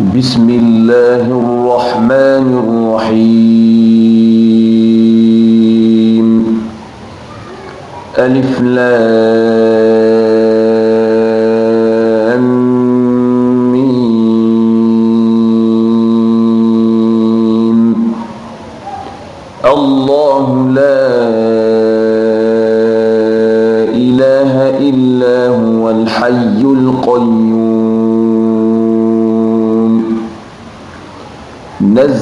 بسم الله الرحمن الرحيم ألف لام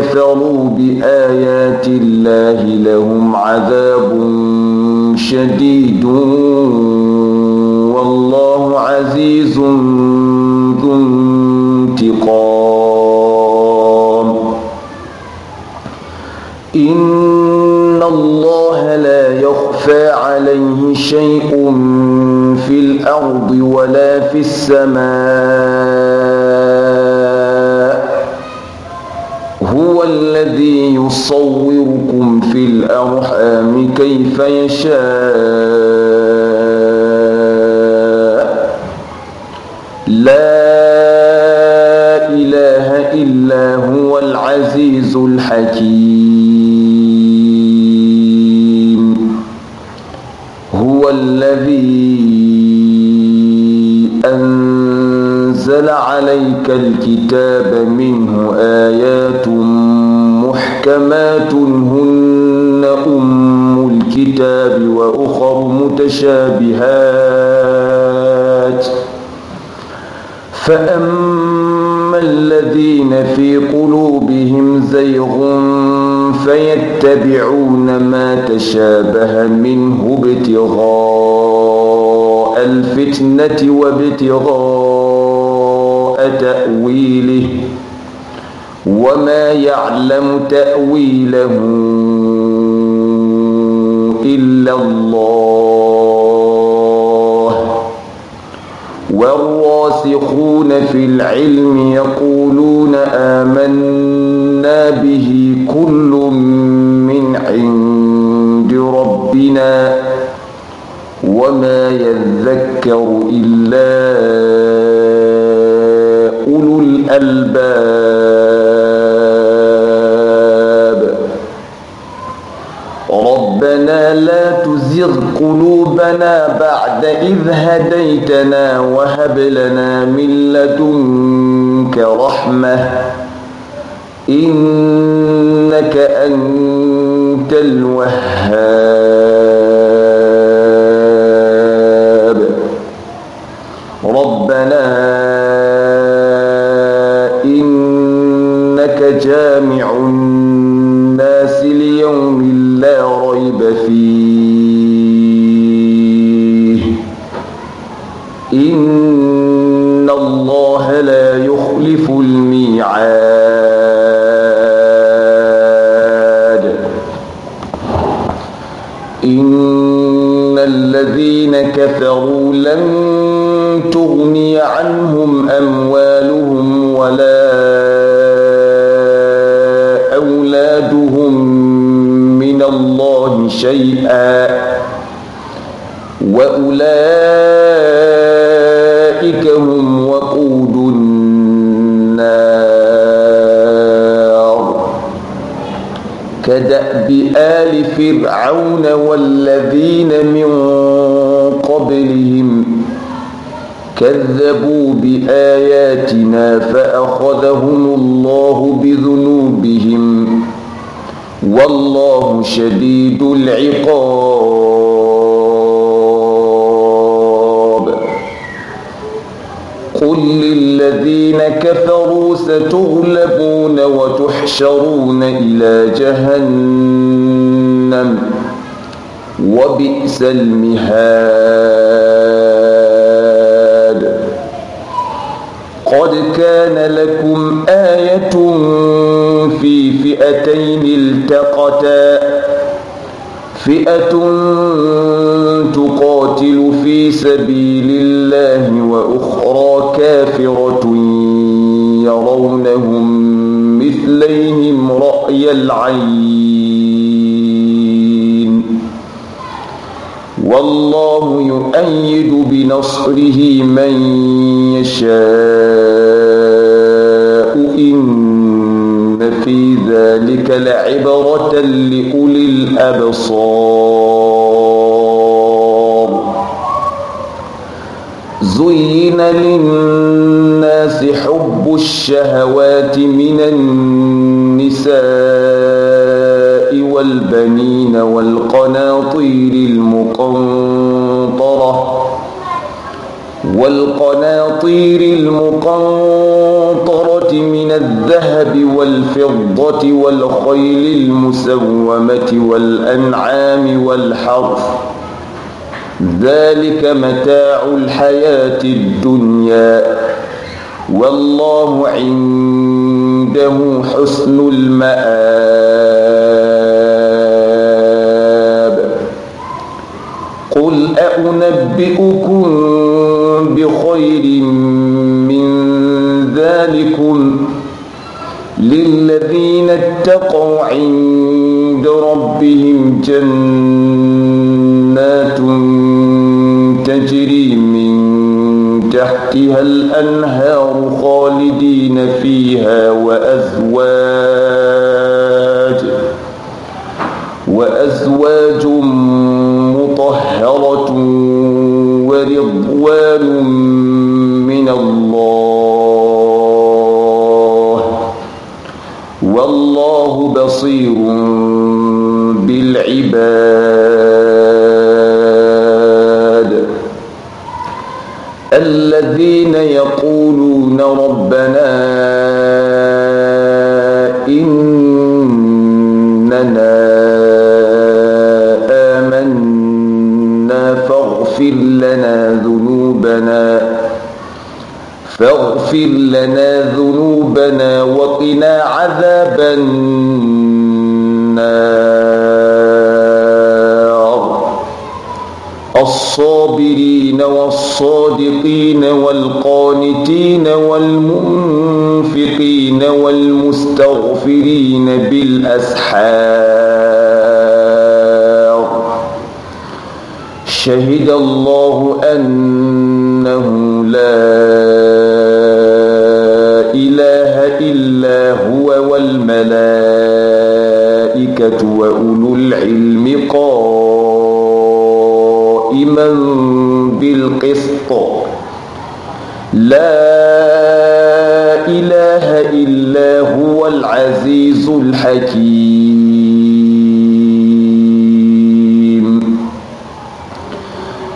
كفروا بآيات الله لهم عذاب شديد والله عزيز ذو انتقام إن الله لا يخفى عليه شيء في الأرض ولا في السماء الذي يصوركم في الأرحام كيف يشاء لا إله إلا هو العزيز الحكيم هو الذي أنزل عليك الكتاب منه آيات تنهن أم الكتاب وأخر متشابهات فأما الذين في قلوبهم زيغ فيتبعون ما تشابه منه ابتغاء الفتنة وابتغاء تأويله وما يعلم تأويله إلا الله والراسخون في العلم يقولون آمنا به كل من عند ربنا وما يذكر إلا أولو الألباب ربنا لا تزغ قلوبنا بعد إذ هديتنا وهب لنا من لدنك رحمة إنك أنت الوهاب شديد العقاب قل للذين كفروا ستغلبون وتحشرون إلى جهنم وبئس المهاد قد كان لكم آية في فئتين التقتا فئة تقاتل في سبيل الله وأخرى كافرة يرونهم مثليهم رأي العين والله يؤيد بنصره من يشاء ذلك لعبرة لأولي الأبصار زين للناس حب الشهوات من النساء والبنين والقناطير المقنطرة والقناطير المقنطرة الصخره من الذهب والفضة والخيل المسومة والأنعام والحرث ذلك متاع الحياة الدنيا والله عنده حسن المآب قل أنبئكم بخير من ذلكم للذين اتقوا عند ربهم جنات تجري من تحتها الأنهار خالدين فيها وأزواج وأزواج فاغفر لنا ذنوبنا وقنا عذاب النار الصابرين والصادقين والقانتين والمنفقين والمستغفرين بالأسحار شهد الله أنه لا وأولو العلم قائما بالقسط لا إله إلا هو العزيز الحكيم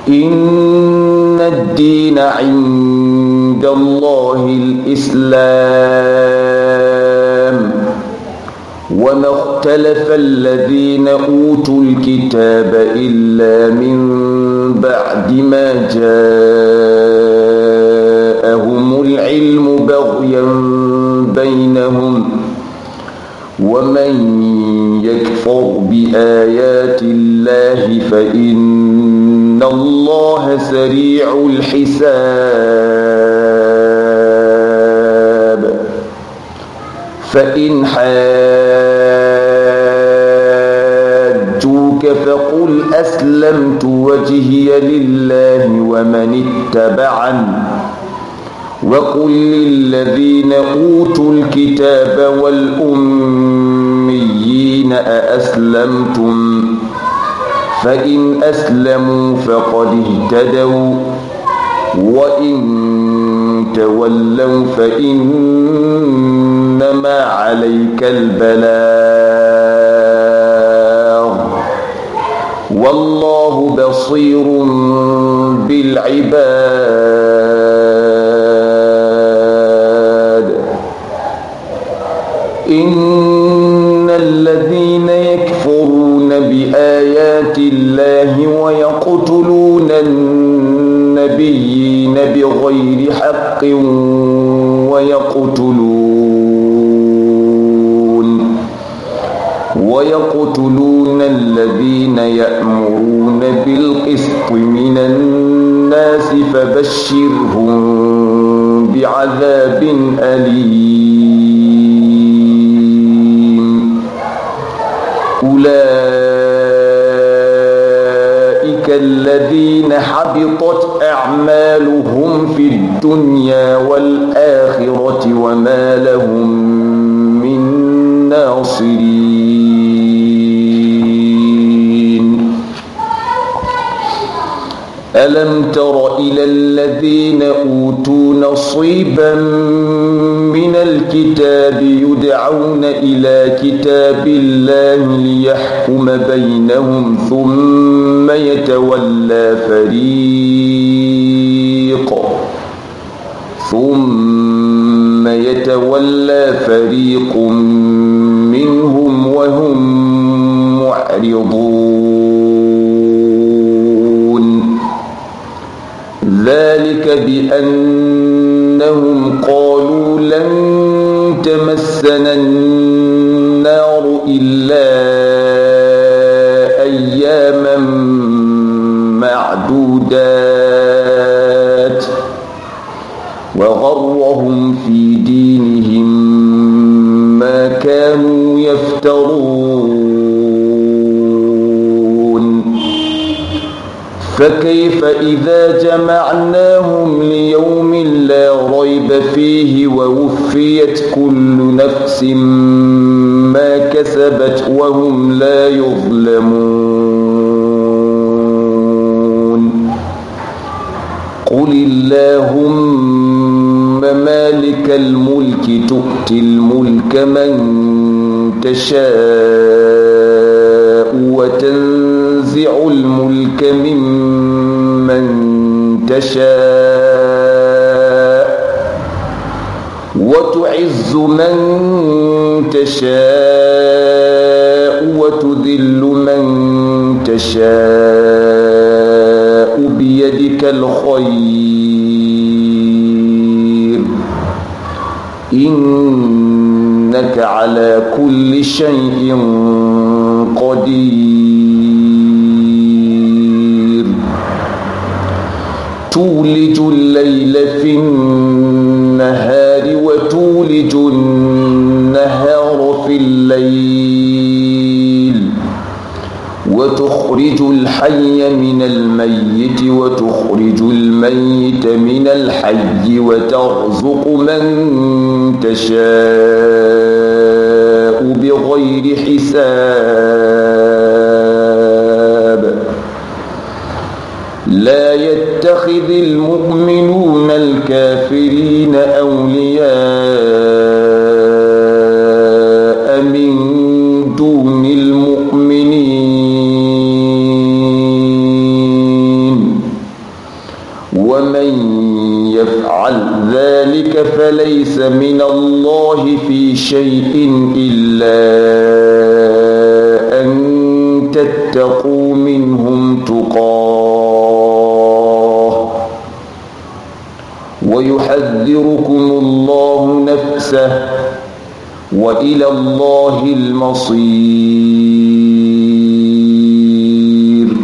إن الدين عند الله الإسلام وما اختلف الذين أوتوا الكتاب إلا من بعد ما جاءهم العلم بغيا بينهم ومن يكفر بآيات الله فإن الله سريع الحساب فإن حاجوك فقل أسلمت وجهي لله ومن اتبعن وقل للذين أوتوا الكتاب والأميين أأسلمتم فإن أسلموا فقد اهتدوا وإن تولوا فإنما عليك البلاغ والله بصير بالعباد إن الذين يكفرون بآيات الله ويقتلون الناس يأتين بغير حق ويقتلون ويقتلون الذين يأمرون بالقسط من الناس فبشرهم بعذاب أليم الذين حبطت أعمالهم في الدنيا والآخرة وما لهم من ناصرين ألم تر إلى الذين أوتوا نصيبا من الكتاب يدعون إلى كتاب الله ليحكم بينهم ثم يتولى فريق ثم يتولى فريق منهم وهم معرضون ذلك بأنهم مسنا النار إلا أياما معدودات وغرهم في دينهم ما كانوا يفترون فكيف إذا جمعناهم ليوم لا ريب فيه ووفيت كل نفس ما كسبت وهم لا يظلمون قل اللهم مالك الملك تؤتي الملك من تشاء وتنزع الملك بك ممن تشاء وتعز من تشاء وتذل من تشاء بيدك الخير إنك على كل شيء قدير تولج الليل في النهار وتولج النهار في الليل وتخرج الحي من الميت وتخرج الميت من الحي وترزق من تشاء بغير حساب لا يت يتخذ المؤمنون الكافرين أولياء من دون المؤمنين ومن يفعل ذلك فليس من الله في شيء إلا أن تتقوا منهم يحذركم الله نفسه وإلى الله المصير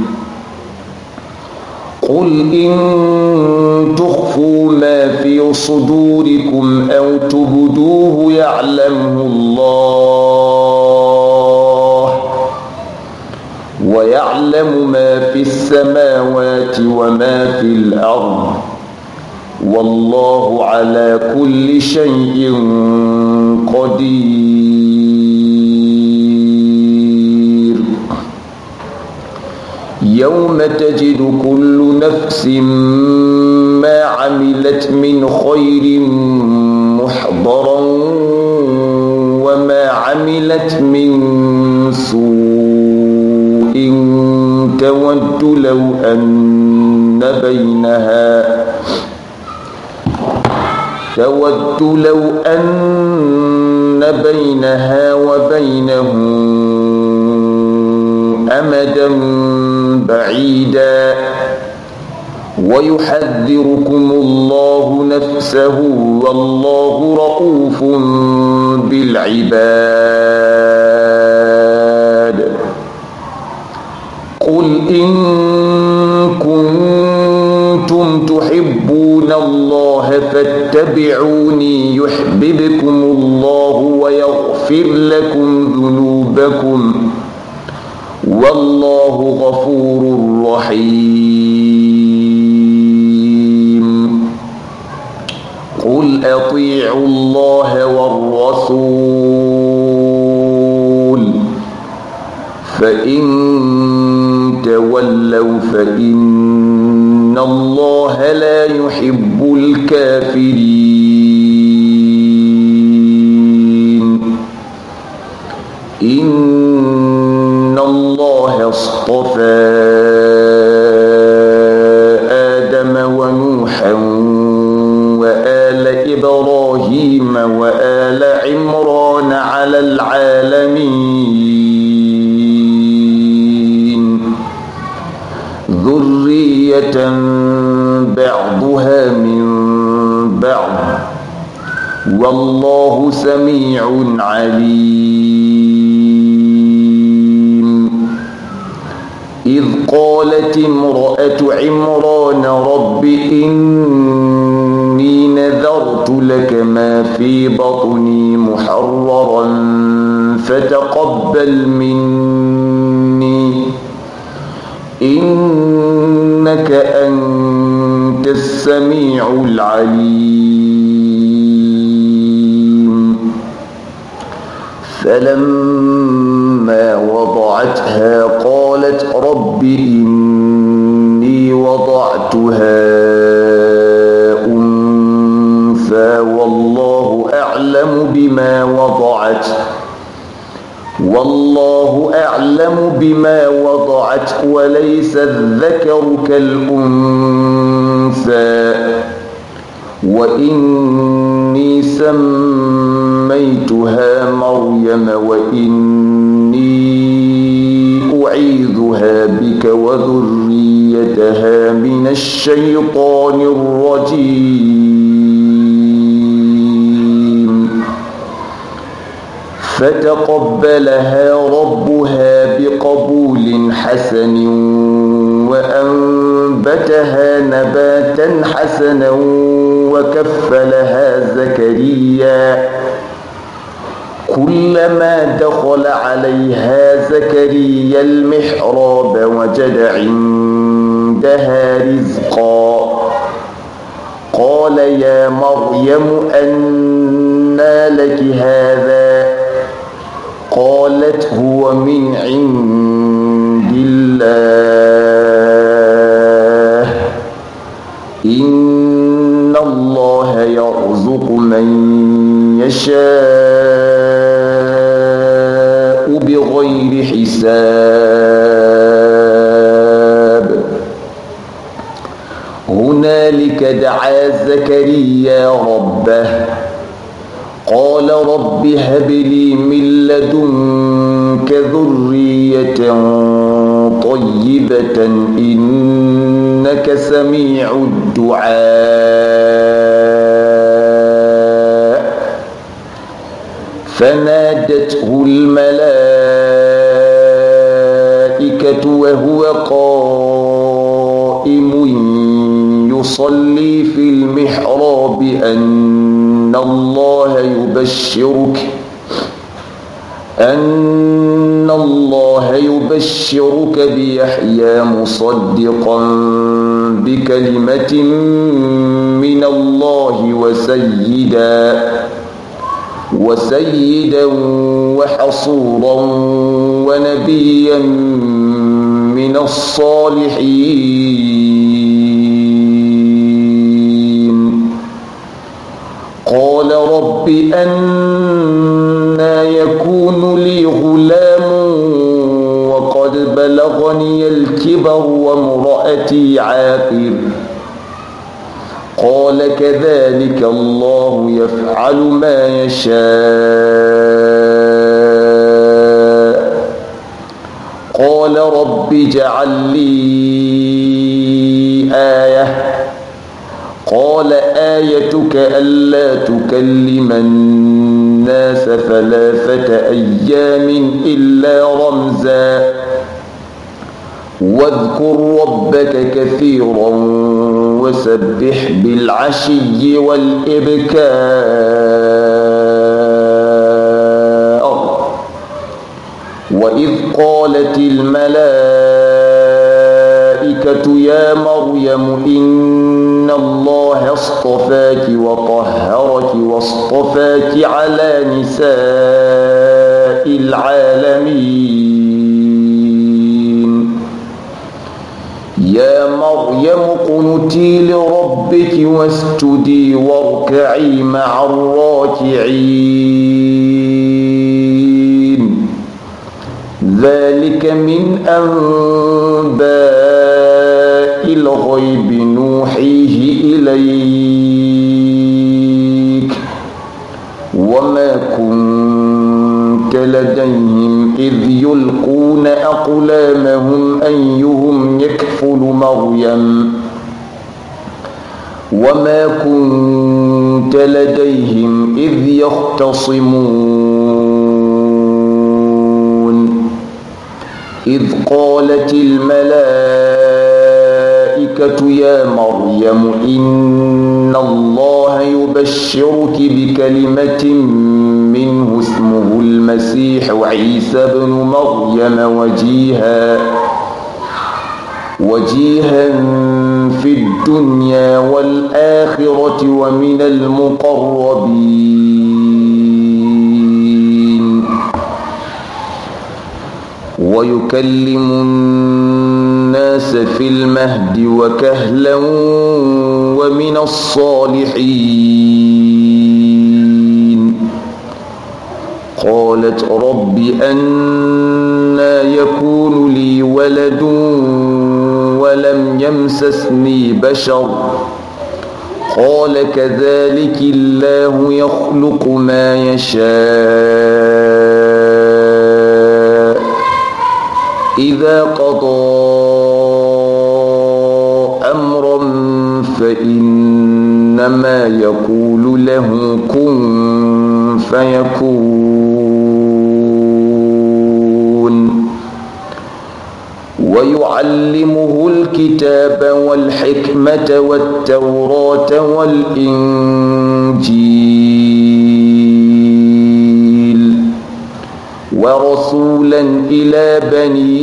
قل إن تخفوا ما في صدوركم أو تبدوه يعلمه الله ويعلم ما في السماوات وما في الأرض والله على كل شيء قدير يوم تجد كل نفس ما عملت من خير محضرا وما عملت من تود لو أن بينها وبينه أمدا بعيدا ويحذركم الله نفسه والله رؤوف بالعباد قل إن كنتم كنتم تحبون الله فاتبعوني يحببكم الله ويغفر لكم ذنوبكم والله غفور رحيم قل أطيعوا الله والرسول فإن تولوا فإن إن الله لا يحب الكافرين إن الله اصطفى عمران رب إني نذرت لك ما في بطني محررا فتقبل مني إنك أنت السميع العليم فلما وضعتها قالت رب إني بما وضعت وليس الذكر كالأنثى وإني سميتها مريم وإني أعيذها بك وذريتها من الشيطان الرجيم فتقبلها ربها من حسن وأنبتها نباتا حسنا وكفلها زكريا كلما دخل عليها زكريا المحراب وجد عندها رزقا قال يا مريم أنى لك هذا قالت هو من عند الله إن الله يرزق من يشاء بغير حساب هنالك دعا زكريا ربه قال رب هب لي من لدنك ذريه طيبة إنك سميع الدعاء فنادته الملائكة وهو قائم يصلي في المحراب أن الله يبشرك أن الله يبشرك بيحيى مصدقا بكلمة من الله وسيدا وسيدا وحصورا ونبيا من الصالحين قال رب أنا يكون بلغني الكبر وامرأتي عاقر قال كذلك الله يفعل ما يشاء قال رب اجعل لي آية قال آيتك ألا تكلم الناس ثلاثة أيام إلا رمزاً واذكر ربك كثيرا وسبح بالعشي والإبكار وإذ قالت الملائكة يا مريم إن الله اصطفاك وطهرك واصطفاك على نساء العالمين يا مريم قنتي لربك واسجدي واركعي مع الراكعين ذلك من أنباء الغيب نوحيه إليك وما كنت لديهم إذ يلقون أقلامهم أيهم يكفر طفل مريم وما كنت لديهم إذ يختصمون إذ قالت الملائكة يا مريم إن الله يبشرك بكلمة منه اسمه المسيح عيسى بن مريم وجيهاً وجيها في الدنيا والآخرة ومن المقربين ويكلم الناس في المهد وكهلا ومن الصالحين قالت رب أنا يكون لي ولد ولم يمسسني بشر قال كذلك الله يخلق ما يشاء إذا قضى أمرا فإنما يقول له كن فيكون ويعلمه الكتاب والحكمة والتوراة والإنجيل ورسولا إلى بني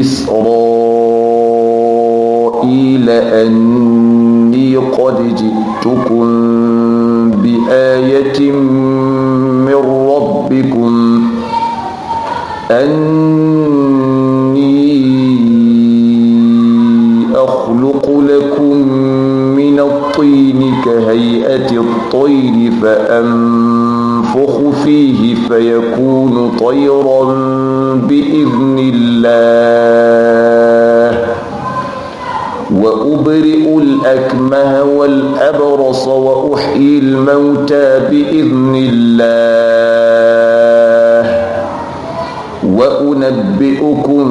إسرائيل أني قد جئتكم بآية من ربكم أني الطير فأنفخ فيه فيكون طيرا بإذن الله وأبرئ الأكمه والأبرص وأحيي الموتى بإذن الله وأنبئكم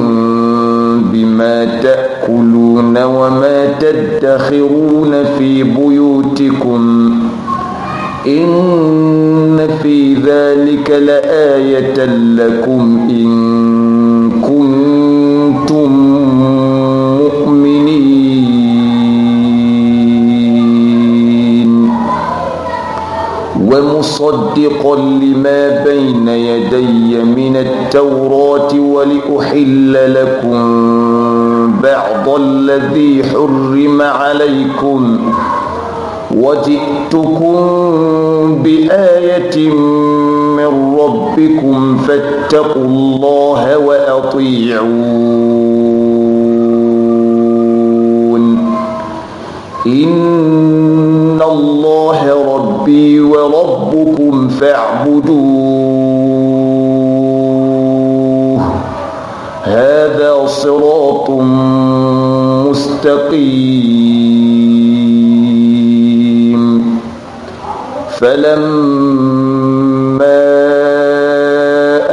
بما تأتون تأكلون وما تدخرون في بيوتكم إن في ذلك لآية لكم إن ومصدقا لما بين يدي من التوراة ولأحل لكم بعض الذي حرم عليكم وجئتكم بآية من ربكم فاتقوا الله وأطيعون إن الله رب ربي وربكم فاعبدوه هذا صراط مستقيم فلما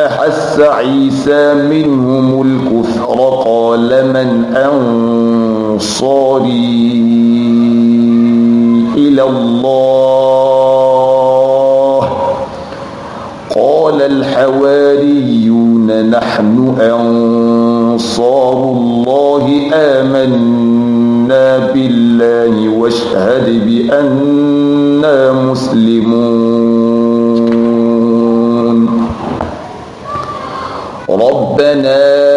أحس عيسى منهم الكفر قال من أنصاري الحواريون نحن أنصار الله آمنا بالله واشهد بأننا مسلمون ربنا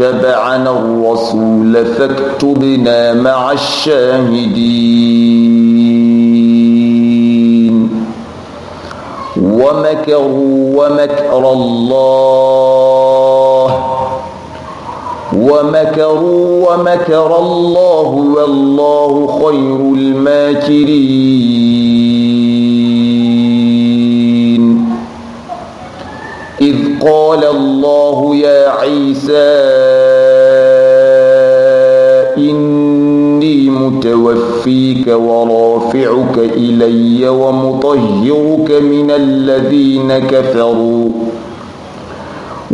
واتبعنا الرسول فاكتبنا مع الشاهدين ومكروا ومكر الله ومكروا ومكر الله والله خير الماكرين قال الله يا عيسى إني متوفيك ورافعك إلي ومطهرك من الذين كفروا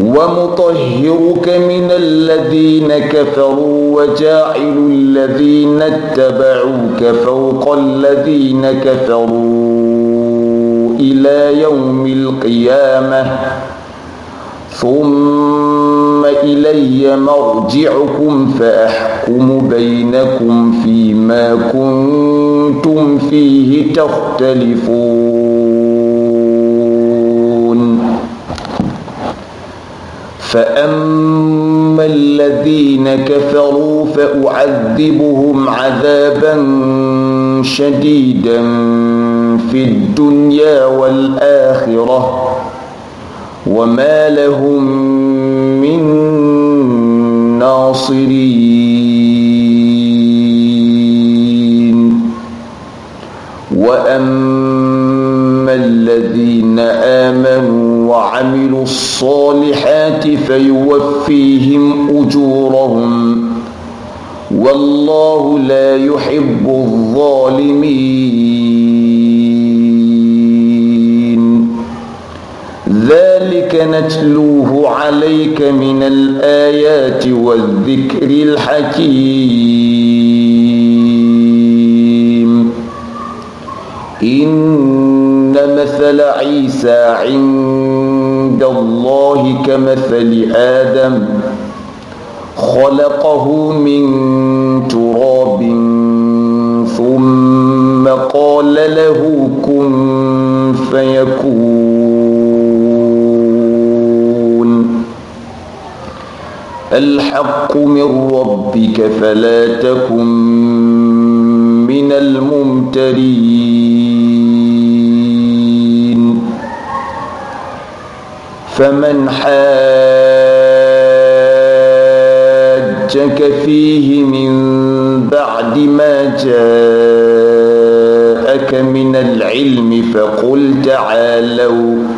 ومطهرك من الذين كفروا وجاعل الذين اتبعوك فوق الذين كفروا إلى يوم القيامة ثم إلي مرجعكم فأحكم بينكم فيما كنتم فيه تختلفون فأما الذين كفروا فأعذبهم عذابا شديدا في الدنيا والآخرة وما لهم من ناصرين وأما الذين آمنوا وعملوا الصالحات فيوفيهم أجورهم والله لا يحب الظالمين ذلك نتلوه عليك من الآيات والذكر الحكيم إن مثل عيسى عند الله كمثل آدم خلقه من تراب ثم قال له كن فيكون الحق من ربك فلا تكن من الممترين فمن حاجك فيه من بعد ما جاءك من العلم فقل تعالوا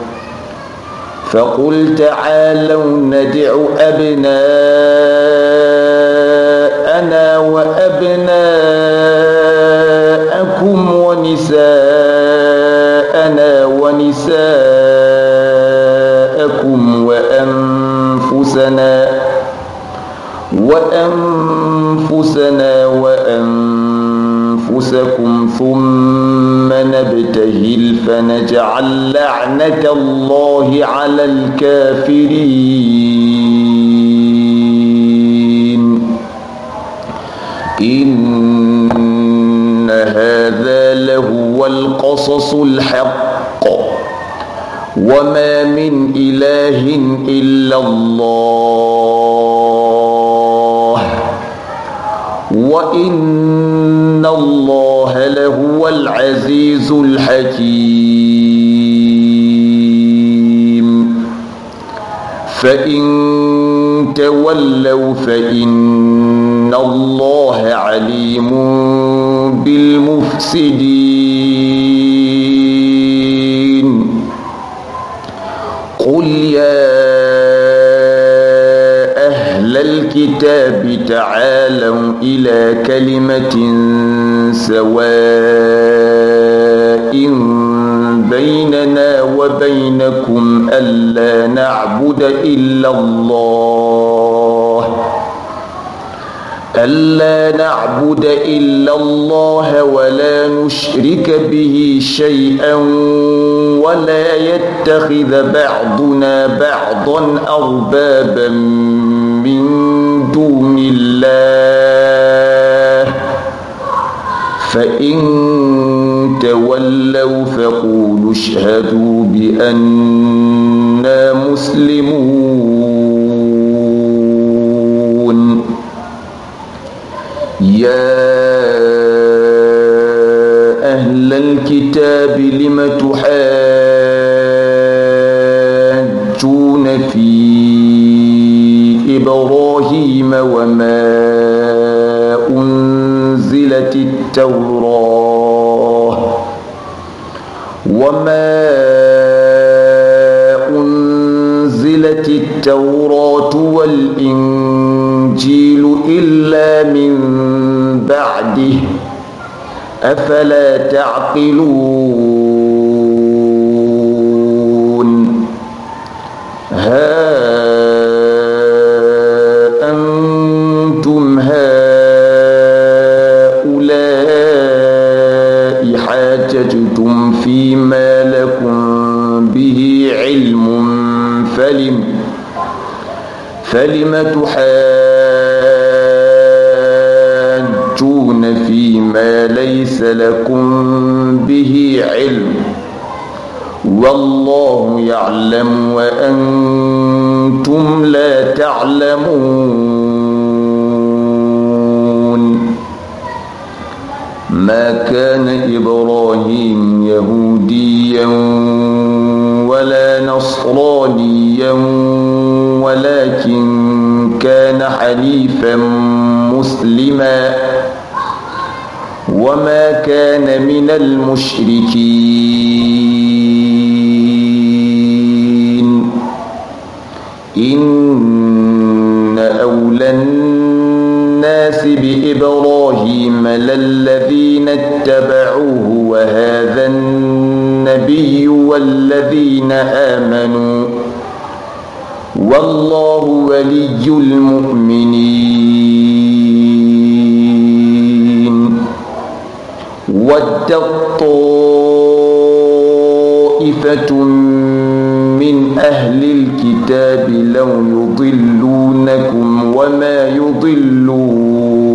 فقل تعالوا ندع أبناءنا وأبناءكم ونساءنا ونساءكم وأنفسنا وأنفسنا وأنفسنا أنفسكم ثم نبتهل فنجعل لعنة الله على الكافرين إن هذا لهو القصص الحق وما من إله إلا الله وإن الله لهو العزيز الحكيم فإن تولوا فإن الله عليم بالمفسدين قل يا الكتاب تعالوا إلى كلمة سواء بيننا وبينكم ألا نعبد إلا الله ألا نعبد إلا الله ولا نشرك به شيئا ولا يتخذ بعضنا بعضا أربابا من دون الله فإن تولوا فقولوا اشهدوا بأننا مسلمون يا أهل الكتاب لم تحاجون في إبراهيم وما أنزلت التوراة وما أنزلت التوراة والإنجيل إلا من بعده أفلا تعقلون فيما لكم به علم فلم فلم تحاجون فيما ليس لكم به علم والله يعلم وأنتم لا تعلمون ما كان إبراهيم يهوديا ولا نصرانيا ولكن كان حنيفا مسلما وما كان من المشركين إن أولى الناس بإبراهيم للذين اتبعوه وهذا النبي والذين آمنوا والله ولي المؤمنين ود طائفة من أهل الكتاب لو يضلونكم وما يضلون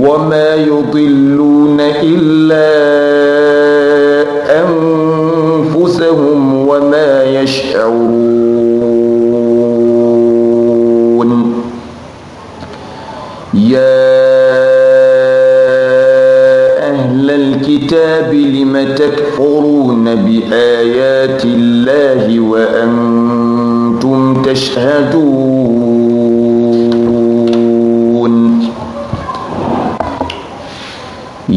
وما يضلون إلا أنفسهم وما يشعرون يا أهل الكتاب لم تكفرون بآيات الله وأنتم تشهدون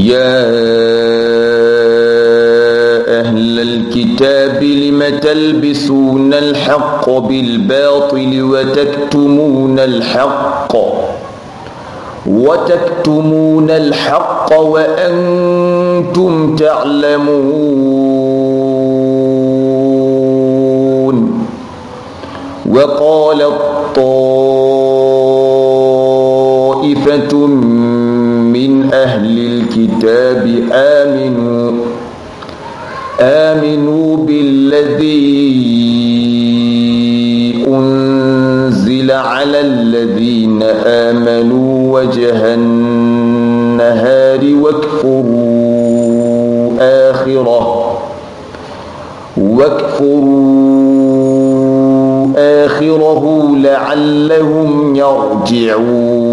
يا أهل الكتاب لم تلبسون الحق بالباطل وتكتمون الحق وتكتمون الحق وأنتم تعلمون وقال الطالب طائفة من أهل الكتاب آمنوا آمنوا بالذي أنزل على الذين آمنوا وجه النهار واكفروا آخره واكفروا آخره لعلهم يرجعون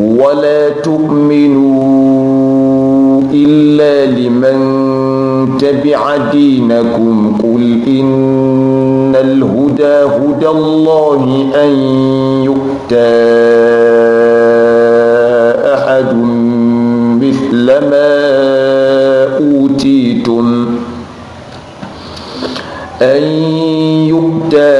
ولا تؤمنوا إلا لمن تبع دينكم قل إن الهدى هدى الله أن يؤتى أحد مثل ما أوتيتم أن يؤتى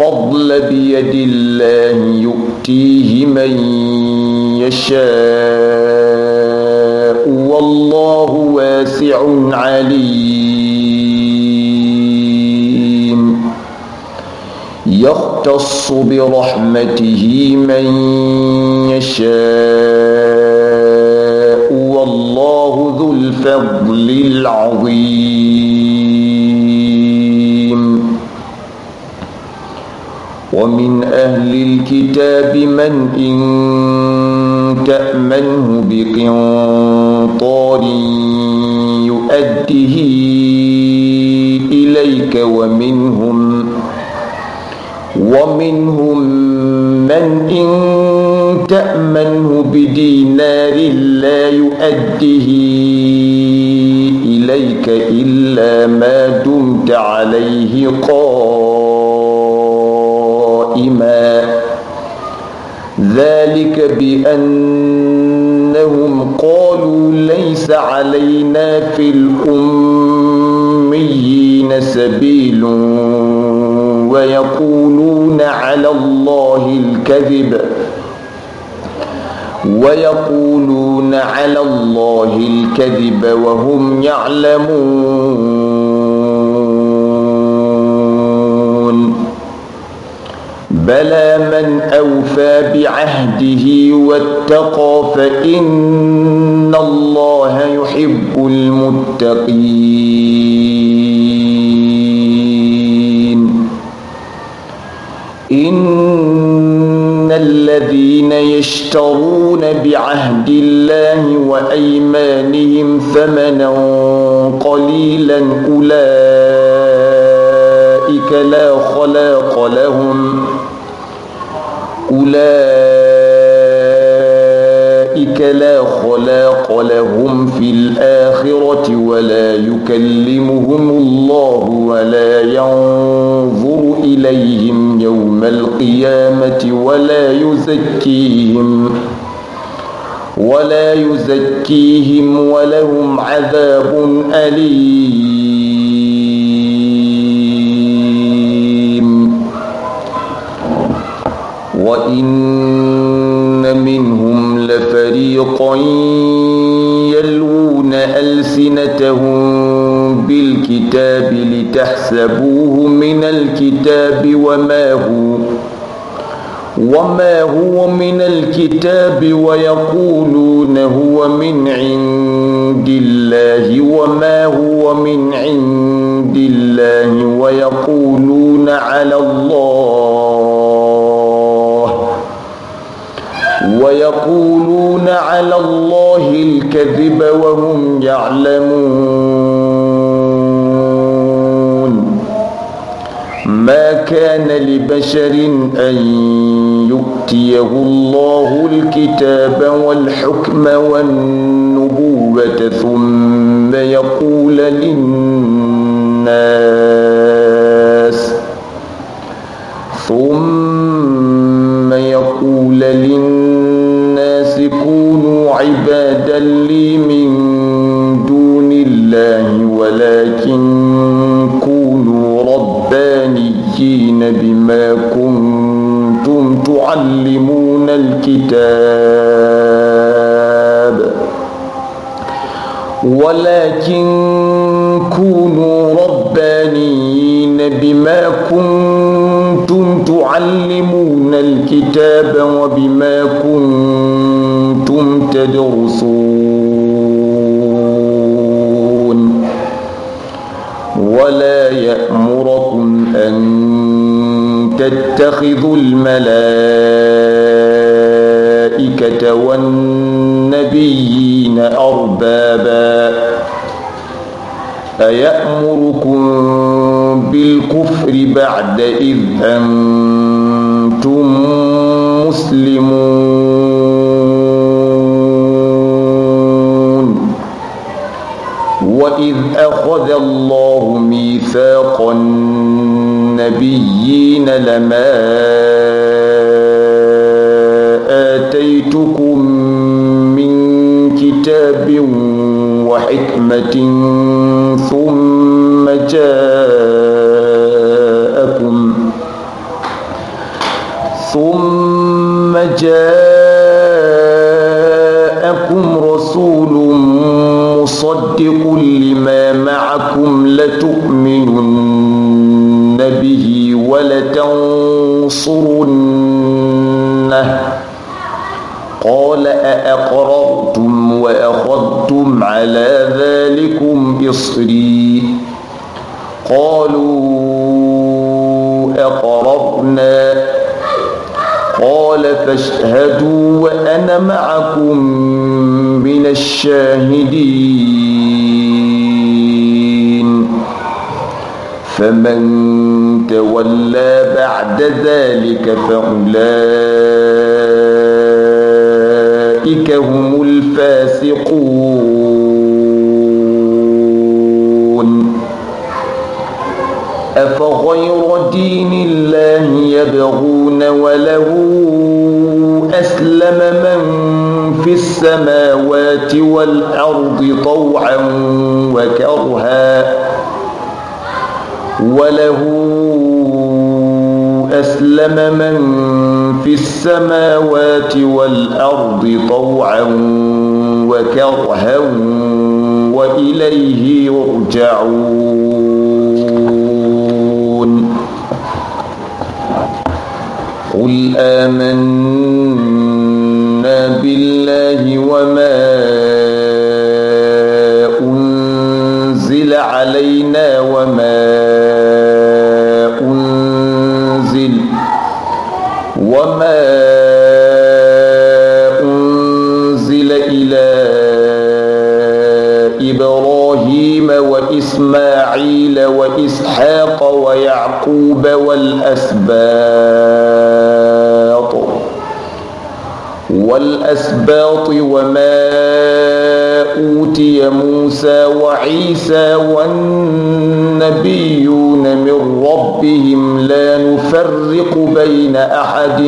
الفضل بيد الله يؤتيه من يشاء والله واسع عليم يختص برحمته من يشاء والله ذو الفضل العظيم ومن أهل الكتاب من إن تأمنه بقنطار يؤده إليك ومنهم ومنهم من إن تأمنه بدينار لا يؤده إليك إلا ما دمت عليه قائما ذلك بأنهم قالوا ليس علينا في الأميين سبيل ويقولون على الله الكذب ويقولون على الله الكذب وهم يعلمون بلى من أوفى بعهده واتقى فإن الله يحب المتقين إن الذين يشترون بعهد الله وأيمانهم ثمنا قليلا أولئك لا خلاق لهم أولئك لا خلاق لهم في الآخرة ولا يكلمهم الله ولا ينظر إليهم يوم القيامة ولا يزكيهم ولا يزكيهم ولهم عذاب أليم وإن منهم لفريقا يلوون ألسنتهم بالكتاب لتحسبوه من الكتاب وما هو وما هو من الكتاب ويقولون هو من عند الله وما هو من عند الله ويقولون على الله ويقولون على الله الكذب وهم يعلمون ما كان لبشر أن يؤتيه الله الكتاب والحكم والنبوة ثم يقول للناس ثم أقول للناس كونوا عبادا لي من دون الله ولكن كونوا ربانيين بما كنتم تعلمون الكتاب ولكن كونوا ربانيين بما كنتم تعلمون الكتاب وبما كنتم تدرسون ولا يأمركم أن تتخذوا الملائكة والنبيين أربابا أيأمركم بالكفر بعد إذ أنتم مسلمون وإذ أخذ الله ميثاق النبيين لما آتيتكم من كتاب وحكمة ثم جاء ثم جاءكم رسول مصدق لما معكم لتؤمنن به ولتنصرنه قال أأقررتم وأخذتم على ذلكم إصري قالوا أقررنا قال فاشهدوا وأنا معكم من الشاهدين فمن تولى بعد ذلك فأولئك هم الفاسقون أفغير دين الله يبغون وله أسلم من في السماوات والأرض طوعا وكرها وله أسلم من في السماوات والأرض طوعا وكرها وإليه يرجعون قل آمنا بالله وما أنزل علينا وما أنزل وما أنزل إلى إبراهيم وإسماعيل وإسماعيل وإسحاق ويعقوب والأسباط والأسباط وما أوتي موسى وعيسى والنبيون من ربهم لا نفرق بين أحد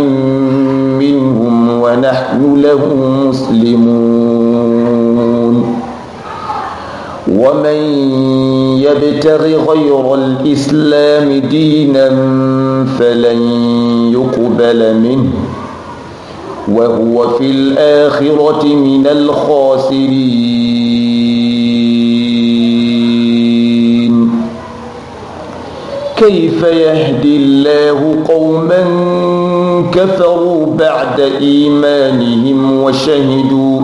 منهم ونحن له مسلمون ومن يبتغ غير الإسلام دينا فلن يقبل منه وهو في الآخرة من الخاسرين كيف يهدي الله قوما كفروا بعد إيمانهم وشهدوا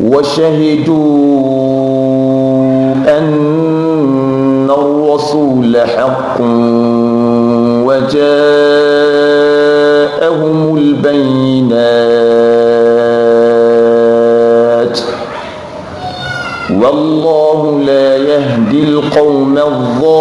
وشهدوا أن الرسول حق وجاءهم البينات والله لا يهدي القوم الظالمين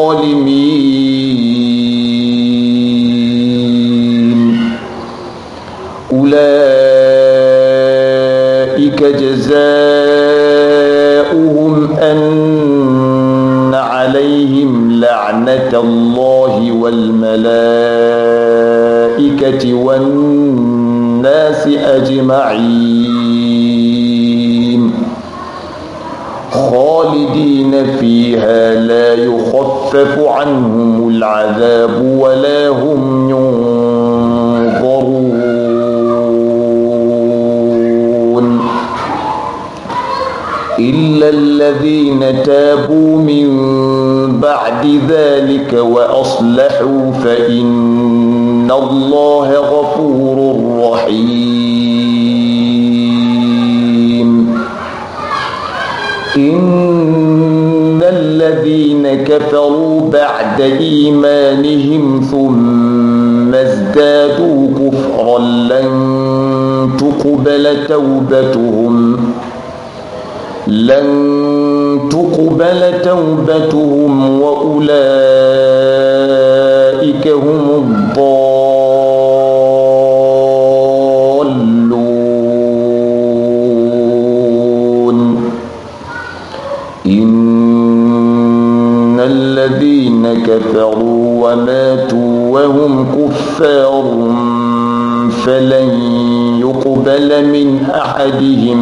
أحدهم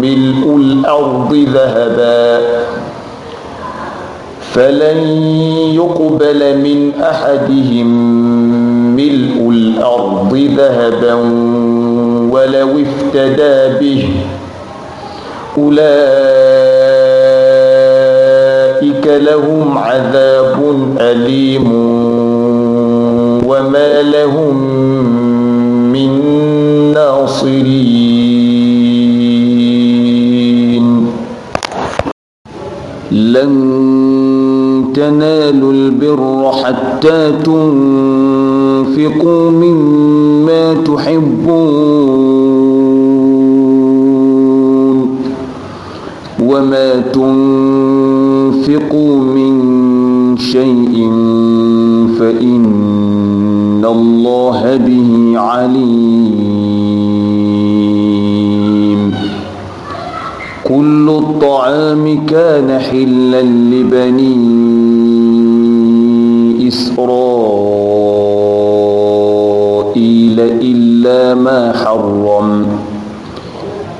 ملء الأرض ذهبا فلن يقبل من أحدهم ملء الأرض ذهبا ولو افتدى به أولئك لهم عذاب أليم إسرائيل إلا ما حرم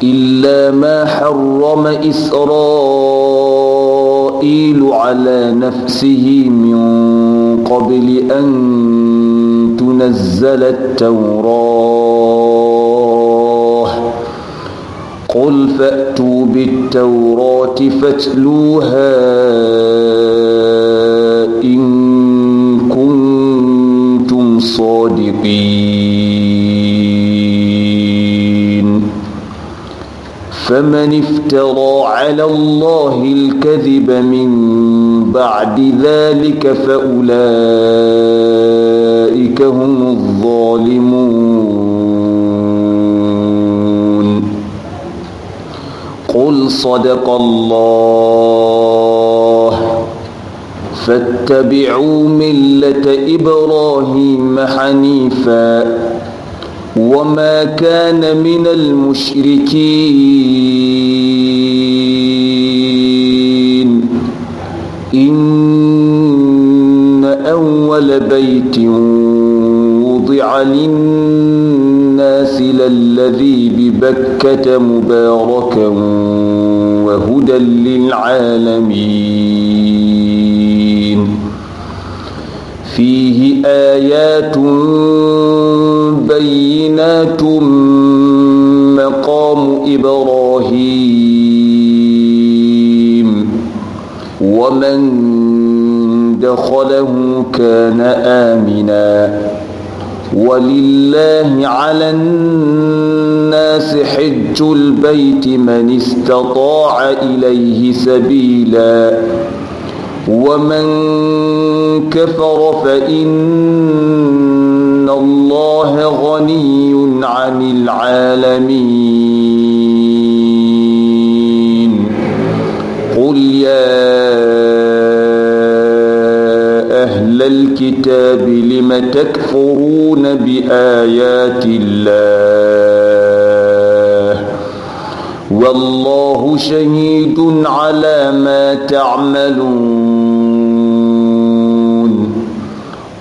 إلا ما حرم إسرائيل على نفسه من قبل أن تنزل التوراة قل فأتوا بالتوراة فاتلوها إن صادقين فمن افترى على الله الكذب من بعد ذلك فأولئك هم الظالمون قل صدق الله فاتبعوا ملة إبراهيم حنيفا وما كان من المشركين إن أول بيت وضع للناس للذي ببكة مباركا وهدى للعالمين فيه آيات بينات مقام إبراهيم ومن دخله كان آمنا ولله على الناس حج البيت من استطاع إليه سبيلاً ومن كفر فإن الله غني عن العالمين قل يا أهل الكتاب لم تكفرون بآيات الله والله شهيد على ما تعملون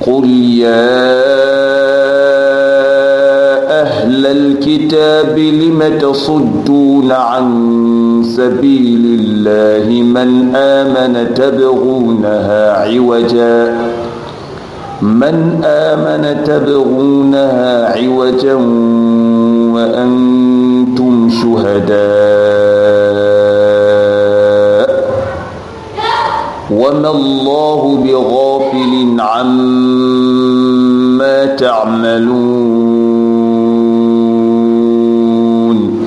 قل يا أهل الكتاب لم تصدون عن سبيل الله من آمن تبغونها عوجا من آمن تبغونها عوجا وأنتم شهداء وما الله بغافل عما تعملون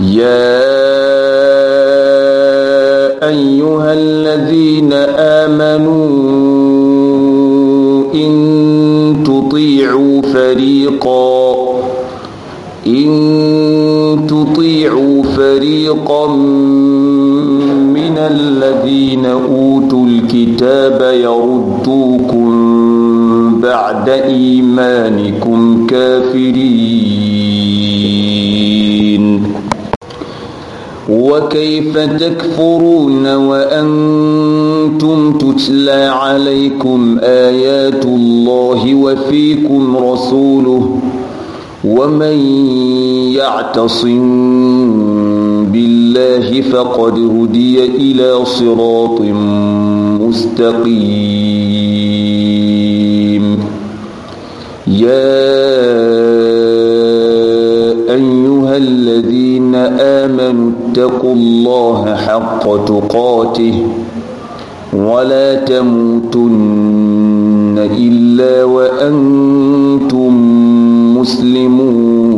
يا أيها الذين آمنوا إن تطيعوا فريقا إن تطيعوا فريقا الذين أوتوا الكتاب يردوكم بعد إيمانكم كافرين وكيف تكفرون وأنتم تتلى عليكم آيات الله وفيكم رسوله ومن يعتصم الله فقد هدي إلى صراط مستقيم يا أيها الذين آمنوا اتقوا الله حق تقاته ولا تموتن إلا وأنتم مسلمون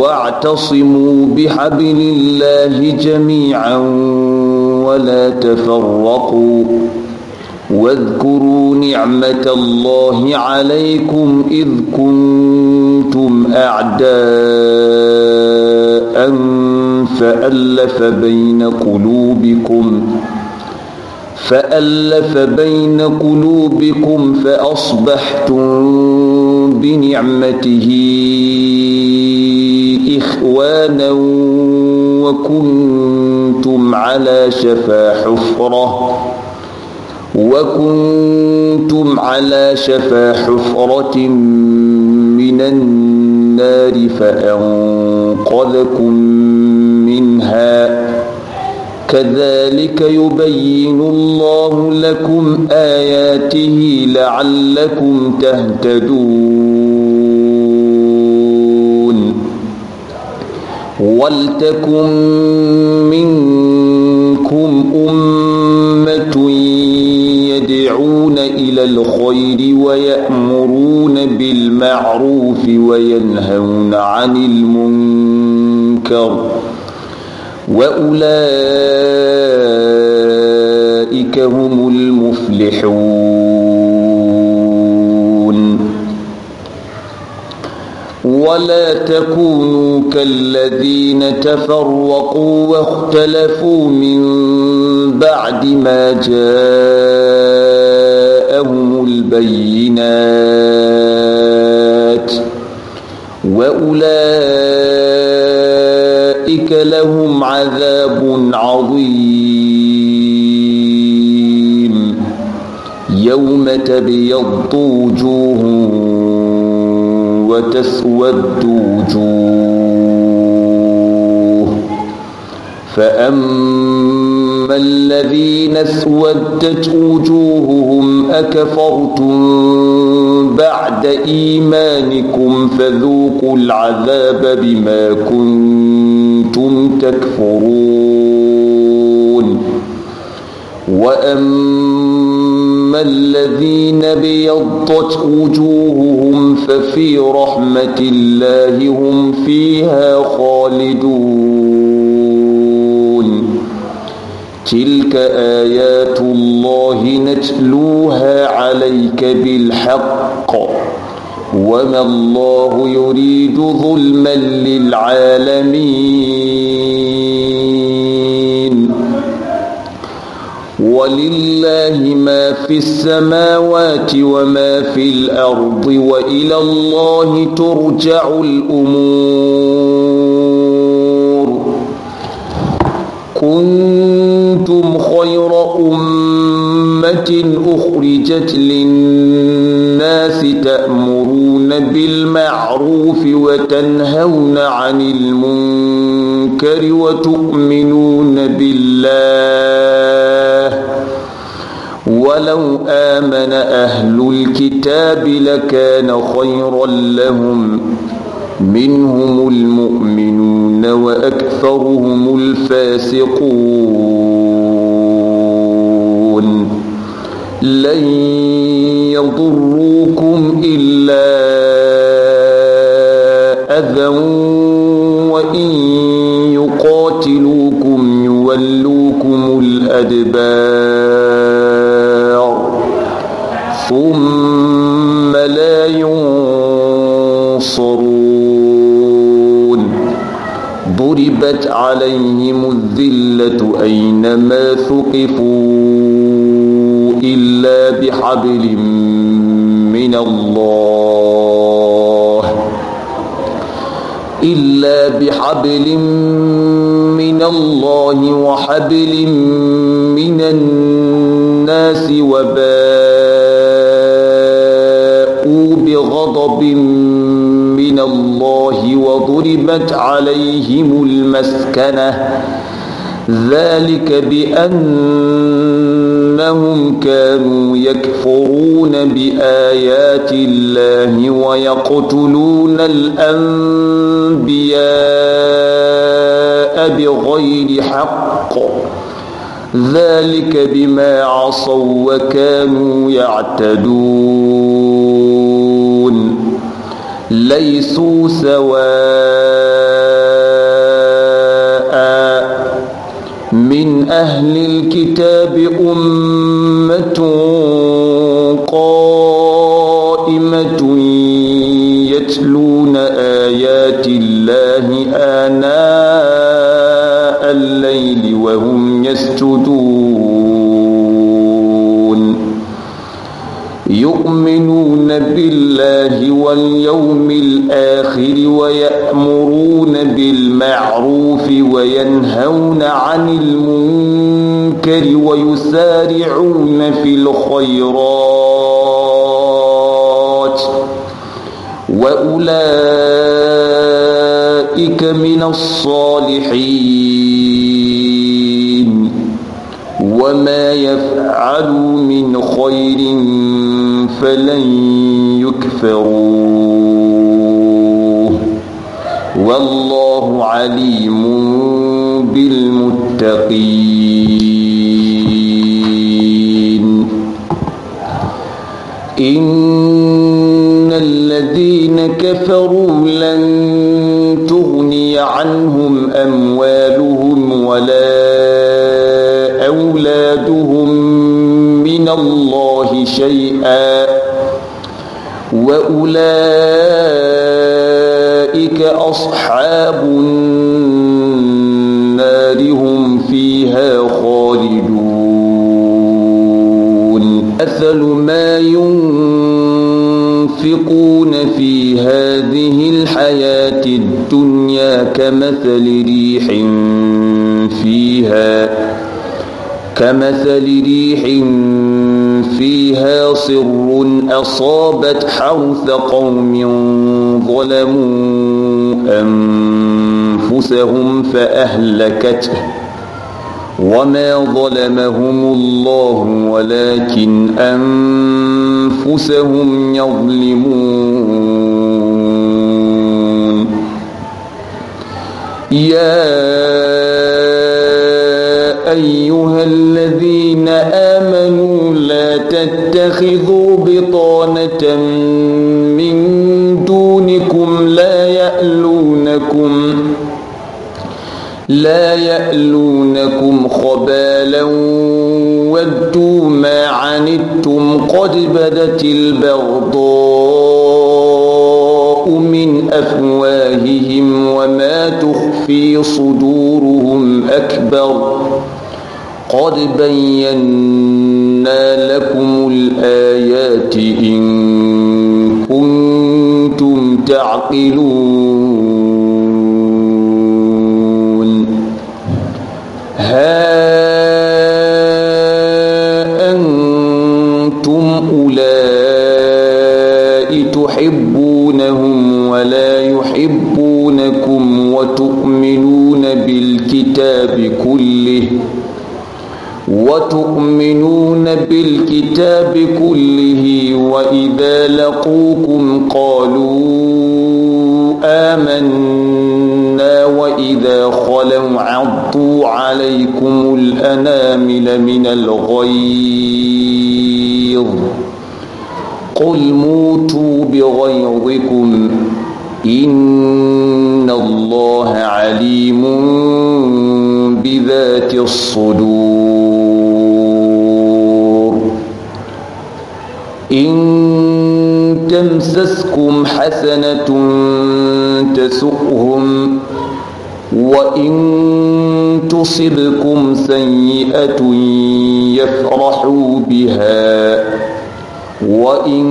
واعتصموا بحبل الله جميعا ولا تفرقوا واذكروا نعمة الله عليكم إذ كنتم أعداء فألف بين قلوبكم فألف فألف بين قلوبكم فأصبحتم بنعمته إخوانا وكنتم على شفا حفرة وكنتم على شفا حفرة من النار فأنقذكم منها كذلك يبين الله لكم آياته لعلكم تهتدون ولتكن منكم أمة يدعون إلى الخير ويأمرون بالمعروف وينهون عن المنكر وأولئك هم المفلحون ولا تكونوا كالذين تفرقوا واختلفوا من بعد ما جاءهم البينات وأولئك لهم عذاب عظيم يوم تبيض وجوه وتسود وجوه فأما الذين اسودت وجوههم أكفرتم بعد إيمانكم فذوقوا العذاب بما كنتم كنتم تكفرون وأما الذين بيضت وجوههم ففي رحمة الله هم فيها خالدون تلك آيات الله نتلوها عليك بالحق وما الله يريد ظلما للعالمين ولله ما في السماوات وما في الأرض وإلى الله ترجع الأمور كنتم خير أمة أخرجت للناس تأمرون بالمعروف وتنهون عن المنكر وتؤمنون بالله ولو آمن أهل الكتاب لكان خيرا لهم منهم المؤمنون وأكثرهم الفاسقون لن يضروكم إلا أذى وإن يقاتلوكم يولوكم الأدبار ثم لا ينصرون ضربت عليهم الذلة أينما ثقفون إلا بحبل من الله إلا بحبل من الله وحبل من الناس وباءوا بغضب من الله وضربت عليهم المسكنة ذلك بأن إنهم كانوا يكفرون بآيات الله ويقتلون الأنبياء بغير حق ذلك بما عصوا وكانوا يعتدون ليسوا سواء من أهل الكتاب أمة قائمة يتلون آيات الله آناء الليل وهم يسجدون يؤمنون بالله واليوم الآخر ويأمرون بالمعروف بالمعروف وينهون عن المنكر ويسارعون في الخيرات وأولئك من الصالحين وما يفعلوا من خير فلن يكفرون عليم بالمتقين إن الذين كفروا لن تغني عنهم أموالهم ولا أولادهم من الله شيئا وأولئك أصحاب النار ينفقون في هذه الحياة الدنيا كمثل ريح فيها كمثل ريح فيها صر أصابت حرث قوم ظلموا أنفسهم فأهلكته وما ظلمهم الله ولكن أنفسهم يظلمون يا أيها الذين آمنوا لا تتخذوا بطانة من دونكم لا يألونكم لا يألونكم خبالا ودوا ما عنتم قد بدت البغضاء من أفواههم وما تخفي صدورهم أكبر قد بينا لكم الآيات إن كنتم تعقلون أنتم أولئك تحبونهم ولا يحبونكم وتؤمنون بالكتاب كله وتؤمنون بالكتاب كله وإذا لقوكم قالوا آمنا إذا خلوا عضوا عليكم الأنامل من الغيظ قل موتوا بغيظكم إن الله عليم بذات الصدور إن تمسسكم حسنة تسؤهم وإن تصبكم سيئة يفرحوا بها وإن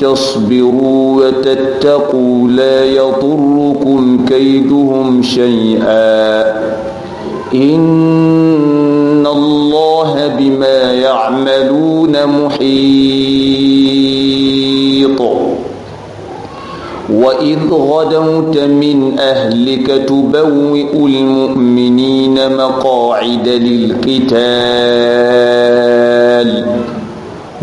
تصبروا وتتقوا لا يضركم كيدهم شيئا إن الله بما يعملون محيط وإذ غدوت من أهلك تبوئ المؤمنين مقاعد للقتال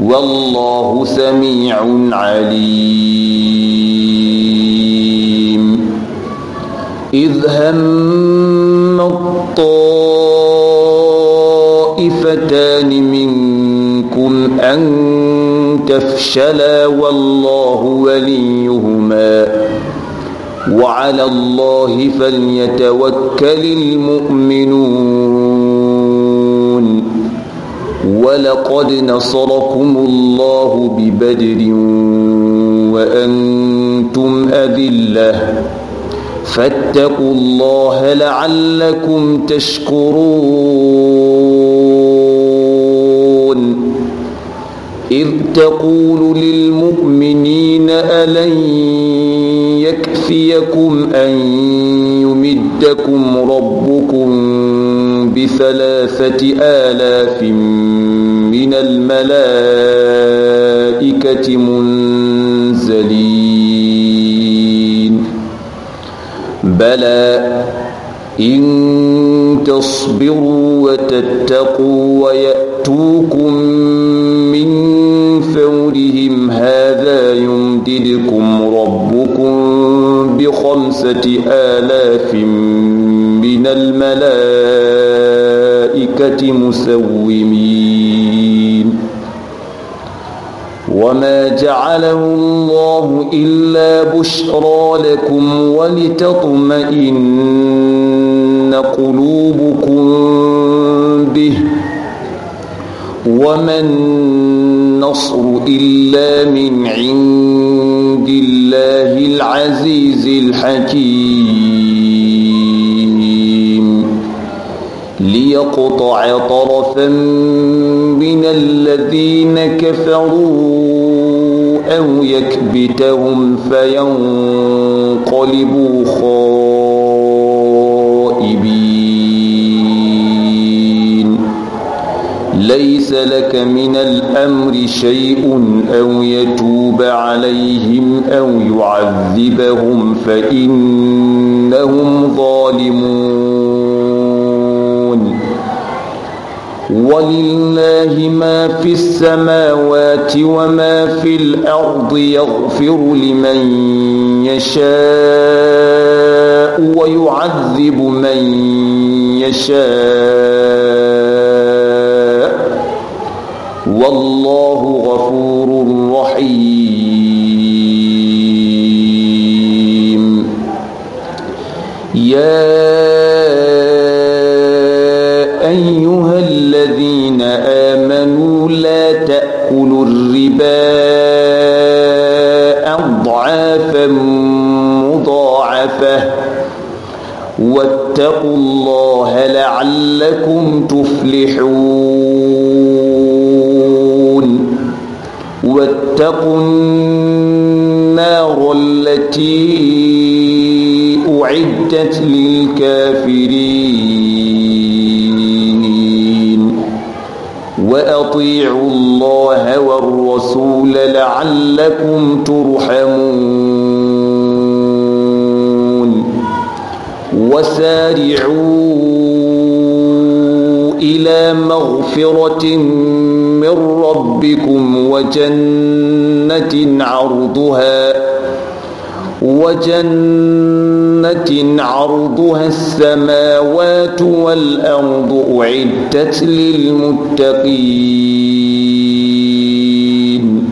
والله سميع عليم إذ هم الطائفتان منكم أن تفشلا والله وليهما وعلى الله فليتوكل المؤمنون ولقد نصركم الله ببدر وأنتم أذلة فاتقوا الله لعلكم تشكرون إذ تقول للمؤمنين ألين يكفيكم أن يمدكم ربكم بثلاثة آلاف من الملائكة منزلين بلى إن تصبروا وتتقوا ويأتوكم من فورهم هذا يمددكم ربكم بخمسة آلاف من الملائكة مسومين وما جعله الله إلا بشرى لكم ولتطمئن قلوبكم به وما النصر إلا من عند بجنود الله العزيز الحكيم ليقطع طرفا من الذين كفروا أو يكبتهم فينقلبوا خاسرين ليس لك من الأمر شيء أو يتوب عليهم أو يعذبهم فإنهم ظالمون ولله ما في السماوات وما في الأرض يغفر لمن يشاء ويعذب من يشاء والله غفور رحيم يا واتقوا الله لعلكم تفلحون واتقوا النار التي أعدت للكافرين وأطيعوا الله والرسول لعلكم ترحمون وسارعوا إلى مغفرة من ربكم وجنة عرضها وجنة عرضها السماوات والأرض أعدت للمتقين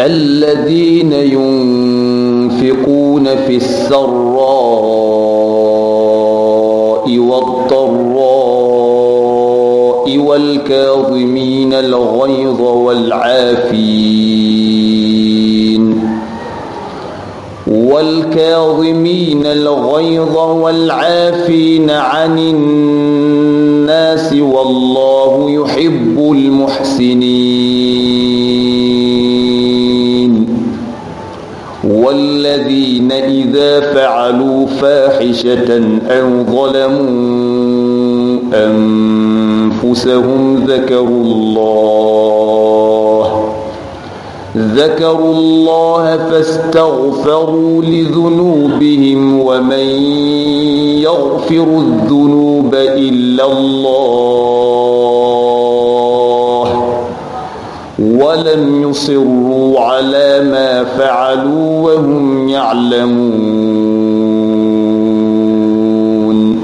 الذين ينفقون في السراء والضراء والكاظمين الغيظ والعافين والكاظمين الغيظ والعافين عن الناس والله يحب المحسنين إذا فعلوا فاحشة أو ظلموا أنفسهم ذكروا الله ذكروا الله فاستغفروا لذنوبهم ومن يغفر الذنوب إلا الله ولم يصروا على ما فعلوا وهم يعلمون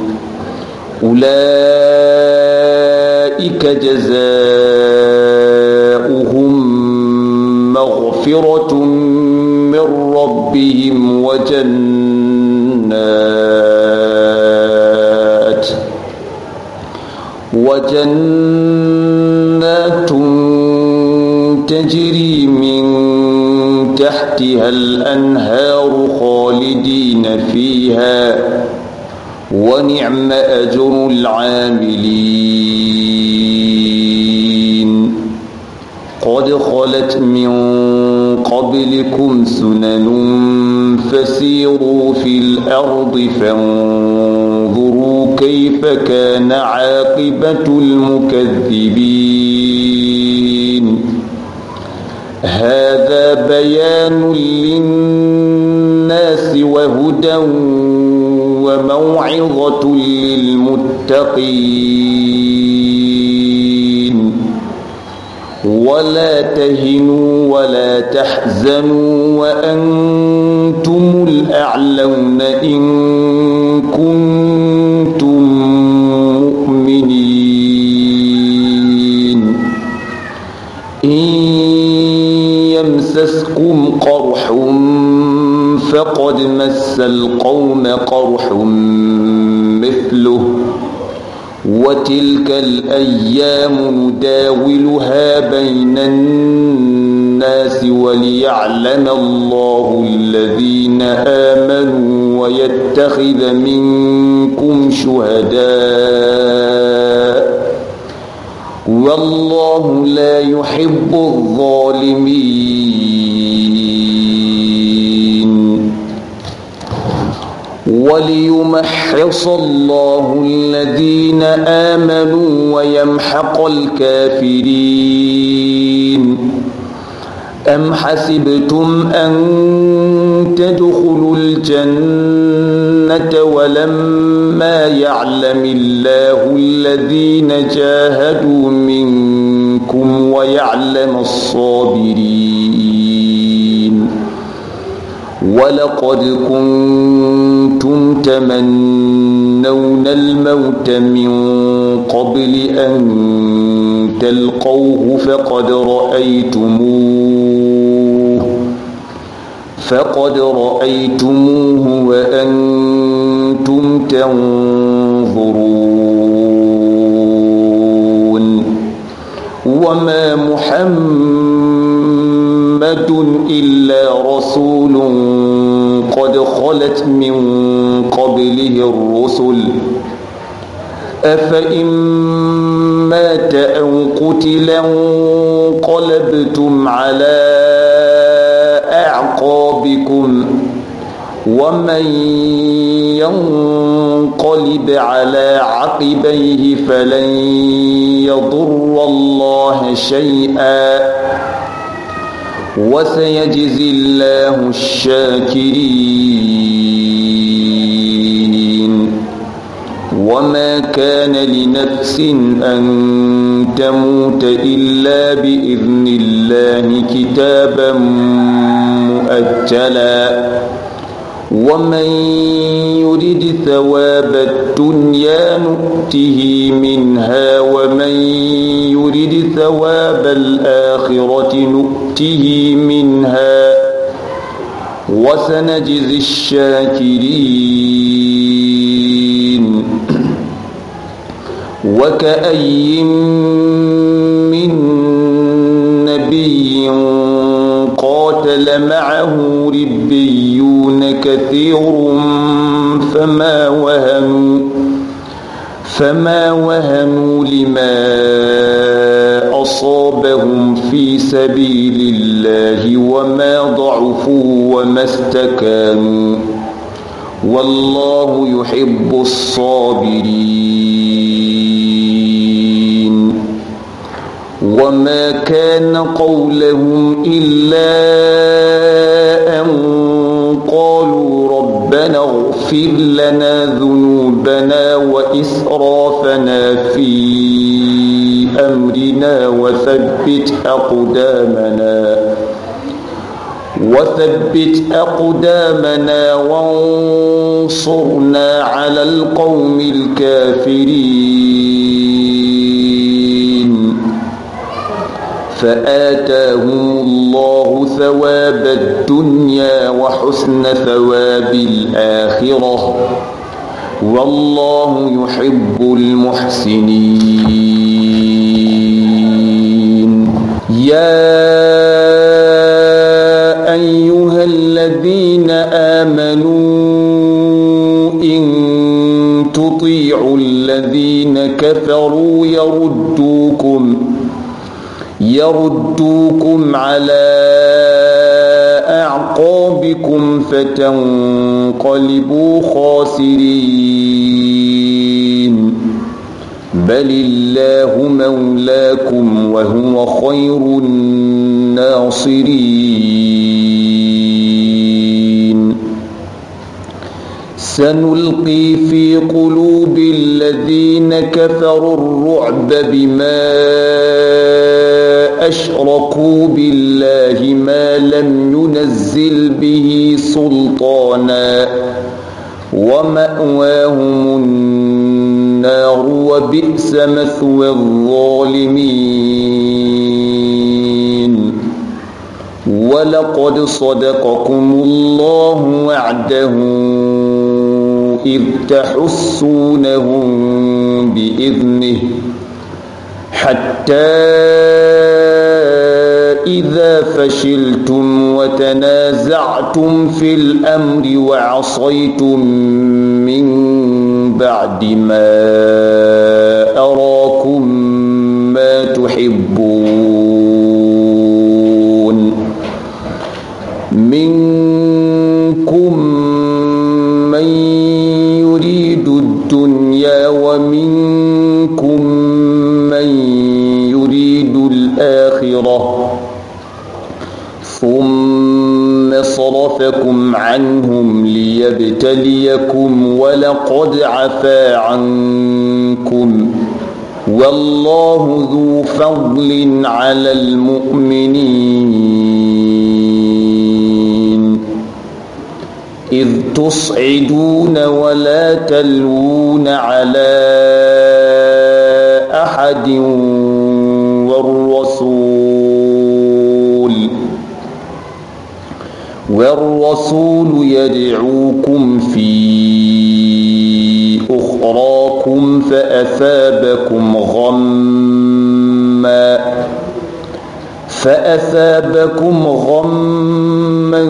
أولئك جزاؤهم مغفرة من ربهم وجنات وجنات تحتها الأنهار خالدين فيها ونعم أجر العاملين قد خلت من قبلكم سنن فسيروا في الأرض فانظروا كيف كان عاقبة المكذبين هذا بيان للناس وهدى وموعظة للمتقين ولا تهنوا ولا تحزنوا وأنتم الأعلون إن كنتم يمسسكم قرح فقد مس القوم قرح مثله وتلك الأيام نداولها بين الناس وليعلم الله الذين آمنوا ويتخذ منكم شهداء والله لا يحب الظالمين وليمحص الله الذين آمنوا ويمحق الكافرين أم حسبتم أن تدخلوا الجنة ولما يعلم الله الذين جاهدوا منكم ويعلم الصابرين ولقد كنتم تمنون الموت من قبل أن تلقوه فقد رأيتموه فقد رأيتموه وأنتم تنظرون وما محمد خلت من قبله الرسل أفإن مات أو قتلا انقلبتم على أعقابكم ومن ينقلب على عقبيه فلن يضر الله شيئا وسيجزي الله الشاكرين وما كان لنفس أن تموت إلا بإذن الله كتابا مؤجلا ومن يرد ثواب الدنيا نؤته منها ومن يرد ثواب الآخرة نؤته منها وسنجزي الشاكرين وكأي من نبي قاتل معه رب يكون كثير فما وهنوا فما وهنوا لما أصابهم في سبيل الله وما ضعفوا وما استكانوا والله يحب الصابرين وما كان قولهم إلا أن ربنا اغفر لنا ذنوبنا وإسرافنا في أمرنا وثبت أقدامنا وثبت أقدامنا وانصرنا على القوم الكافرين فآتاه الله ثواب الدنيا وحسن ثواب الآخرة والله يحب المحسنين يا أيها الذين آمنوا إن تطيعوا الذين كفروا يردوكم يردوكم على أعقابكم فتنقلبوا خاسرين بل الله مولاكم وهو خير الناصرين سنلقي في قلوب الذين كفروا الرعب بما أشركوا بالله ما لم ينزل به سلطانا ومأواهم النار وبئس مثوى الظالمين ولقد صدقكم الله وعده إذ تحسونهم بإذنه حتى إذا فشلتم وتنازعتم في الأمر وعصيتم من بعد ما أراكم ما تحبون منكم رَبَّكُمْ عنهم ليبتليكم ولقد عفا عنكم والله ذو فضل على المؤمنين إذ تصعدون ولا تلوون على أحد والرسول يدعوكم في أخراكم فأثابكم غما فأثابكم غما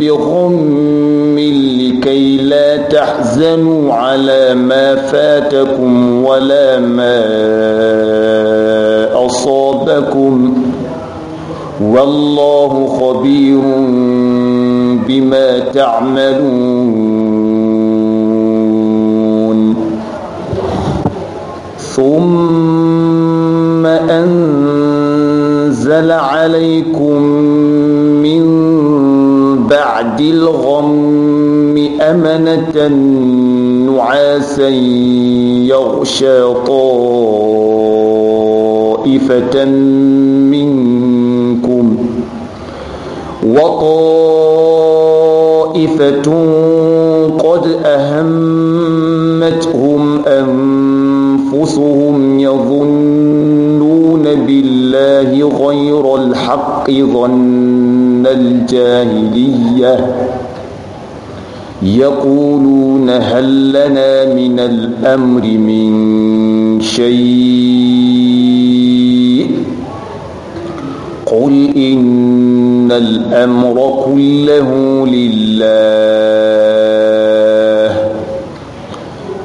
بغم لكي لا تحزنوا على ما فاتكم ولا ما أصابكم والله خبير بما تعملون ثم أنزل عليكم من بعد الغم أمنة نعاسا يغشى طائر طائفة منكم وطائفة قد أهمتهم أنفسهم يظنون بالله غير الحق ظن الجاهلية يقولون هل لنا من الأمر من شيء إن الأمر كله لله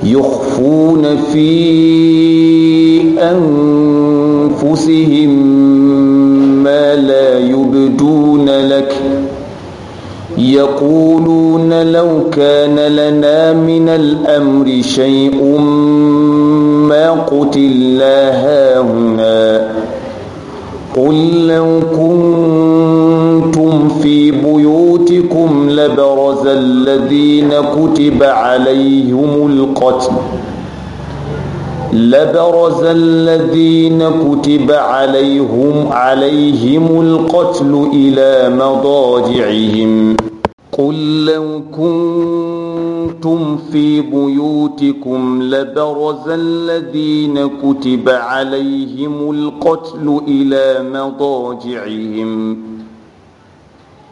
يخفون في أنفسهم ما لا يبدون لك يقولون لو كان لنا من الأمر شيء ما قتلنا هاهنا قل لو كنتم في بيوتكم لبرز الذين كتب عليهم القتل لبرز الذين كتب عليهم عليهم القتل إلى مضاجعهم قل لو كنتم في بيوتكم لبرز الذين كتب عليهم القتل إلى مضاجعهم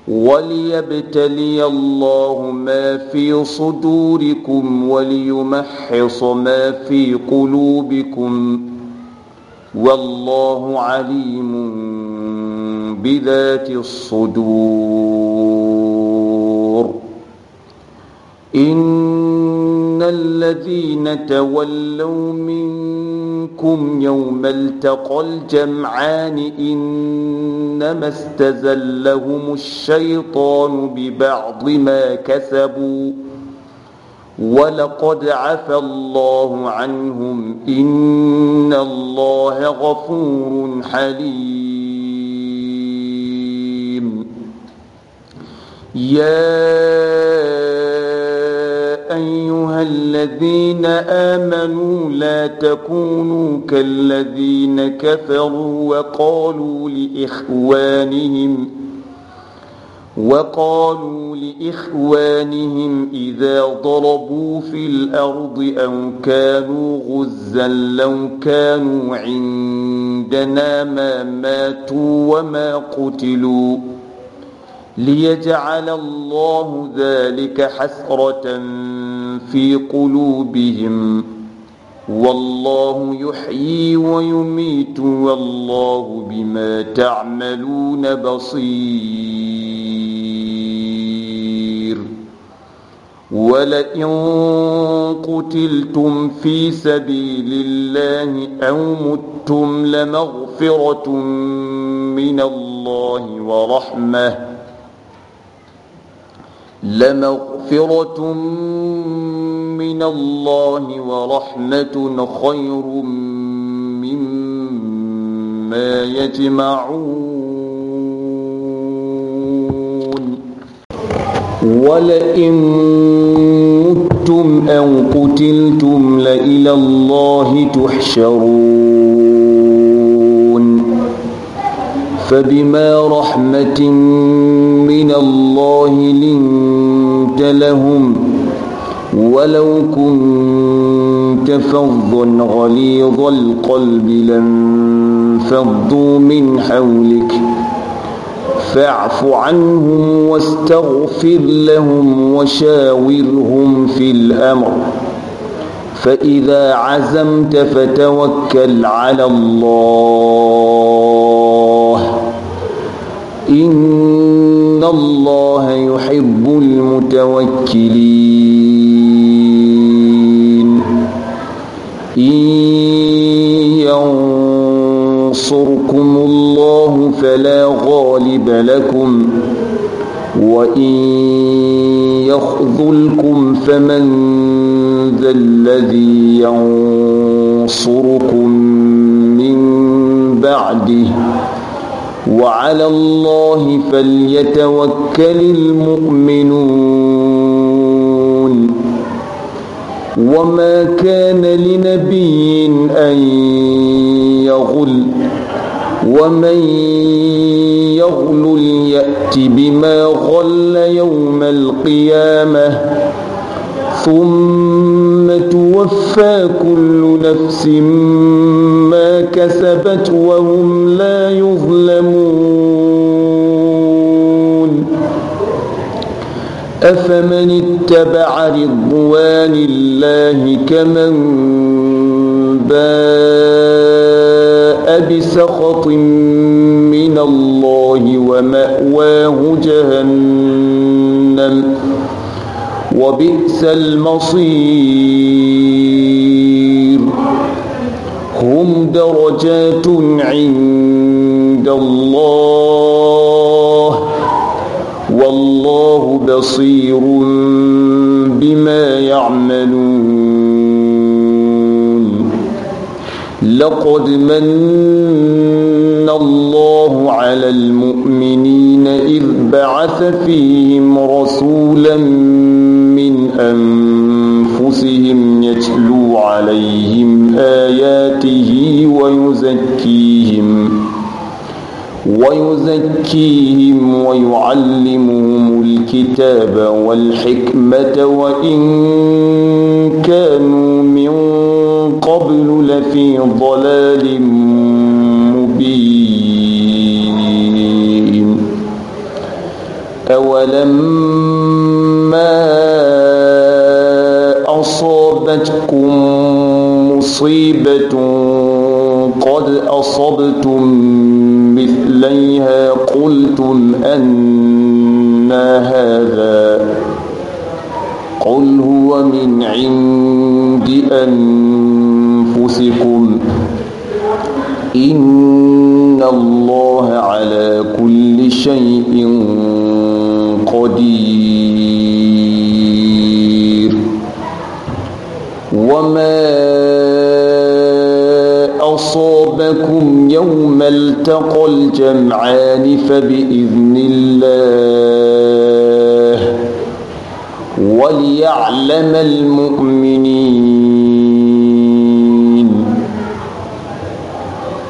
وليبتلي الله ما في صدوركم وليمحص ما في قلوبكم والله عليم بذات الصدور إن الذين تولوا منكم يوم التقى الجمعان إنما استزلهم الشيطان ببعض ما كسبوا ولقد عفى الله عنهم إن الله غفور حليم يا أيها الذين آمنوا لا تكونوا كالذين كفروا وقالوا لإخوانهم وقالوا لإخوانهم إذا ضربوا في الأرض أو كانوا غزا لو كانوا عندنا ما ماتوا وما قتلوا ليجعل الله ذلك حسرة في قلوبهم والله يحيي ويميت والله بما تعملون بصير ولئن قتلتم في سبيل الله أو متم لمغفرة من الله ورحمه لمغفرة من الله ورحمة خير مما يجمعون ولئن متم أو قتلتم لإلى الله تحشرون فبما رحمة من الله لنت لهم ولو كنت فظا غليظ القلب لانفضوا من حولك فاعف عنهم واستغفر لهم وشاورهم في الأمر فإذا عزمت فتوكل على الله إن الله يحب المتوكلين إن ينصركم الله فلا غالب لكم وإن يخذلكم فمن ذا الذي ينصركم من بعده وعلى الله فليتوكل المؤمنون وما كان لنبي أن يغل ومن يغل يأت بما غل يوم القيامة ثم توفى كل نفس ما كسبت وهم لا يظلمون أفمن اتبع رضوان الله كمن باء بسخط من الله ومأواه جهنم وبئس المصير هم درجات عند الله والله بصير بما يعملون لقد من الله على المؤمنين إذ بعث فيهم رسولا من أنفسهم يتلو عليهم آياته ويزكيهم ويزكيهم ويعلمهم الكتاب والحكمة وإن كانوا من قبل لفي ضلال مبين أولم مصيبة قد أصبتم مثليها قلتم أن هذا قل هو من عند أنفسكم إن الله على كل شيء قدير وما لكم يوم التقى الجمعان فبإذن الله وليعلم المؤمنين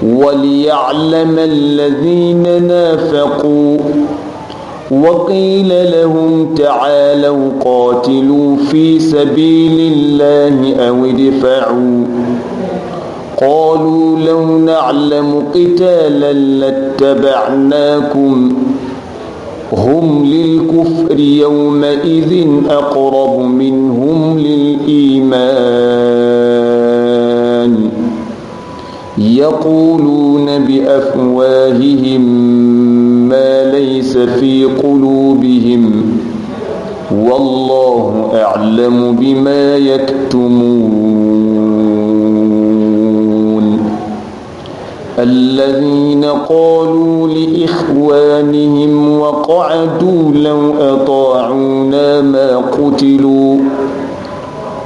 وليعلم الذين نافقوا وقيل لهم تعالوا قاتلوا في سبيل الله أو ادفعوا قالوا لو نعلم قتالا لاتبعناكم هم للكفر يومئذ أقرب منهم للإيمان يقولون بأفواههم ما ليس في قلوبهم والله أعلم بما يكتمون الذين قالوا لإخوانهم وقعدوا لو أطاعونا ما قتلوا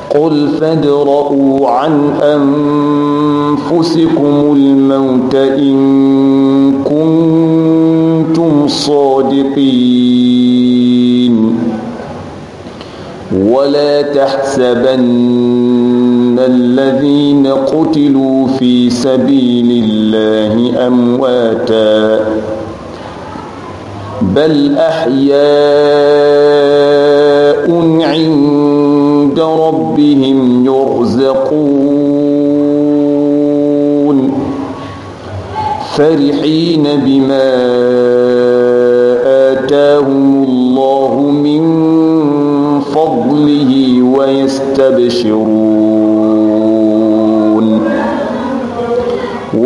قل فادرؤوا عن أنفسكم الموت إن كنتم صادقين ولا تحسبن الذين قتلوا في سبيل الله أمواتا بل أحياء عند ربهم يرزقون فرحين بما آتاهم الله من فضله ويستبشرون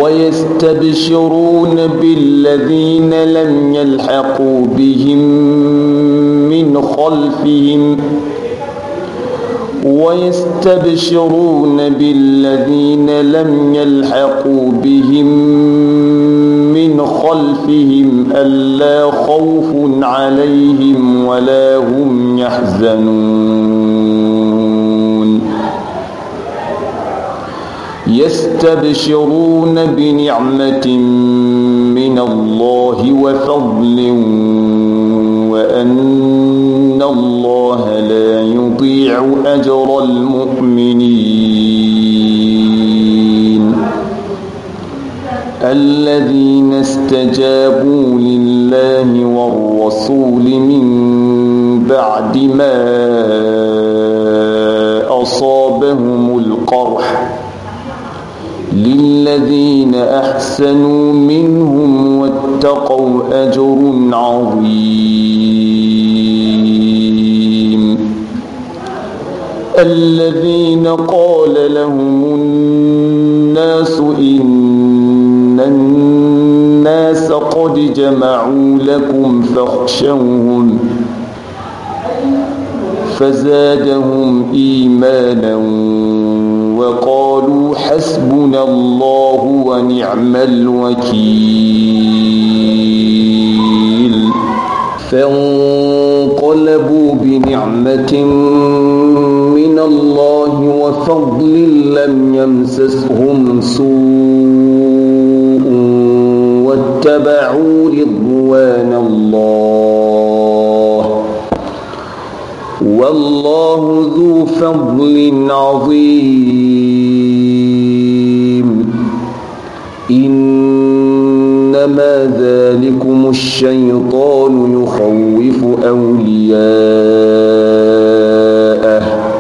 ويستبشرون بالذين لم يلحقوا بهم من خلفهم ويستبشرون بالذين لم يلحقوا بهم من خلفهم ألا خوف عليهم ولا هم يحزنون يستبشرون بنعمة من الله وفضل وأن الله لا يضيع أجر المؤمنين الذين استجابوا لله والرسول من بعد ما أصابهم القرح للذين أحسنوا منهم واتقوا أجر عظيم الذين قال لهم الناس إن الناس قد جمعوا لكم فاخشوهم فزادهم إيمانا وقالوا حسبنا الله ونعم الوكيل فانقلبوا بنعمة من الله وفضل لم يمسسهم سوء واتبعوا رضوان الله والله ذو فضل عظيم إنما ذلكم الشيطان يخوف أولياءه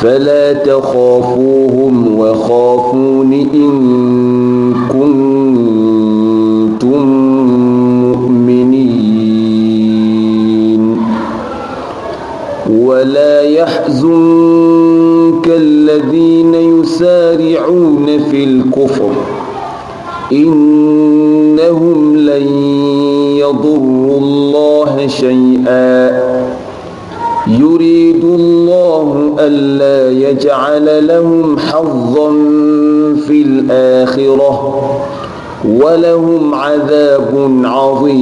فلا تخافوهم وخافون إن كنتم مؤمنين ولا يحزنك الذين يسارعون في الكفر إنهم لن يضروا الله شيئا يريد الله ألا يجعل لهم حظا في الآخرة ولهم عذاب عظيم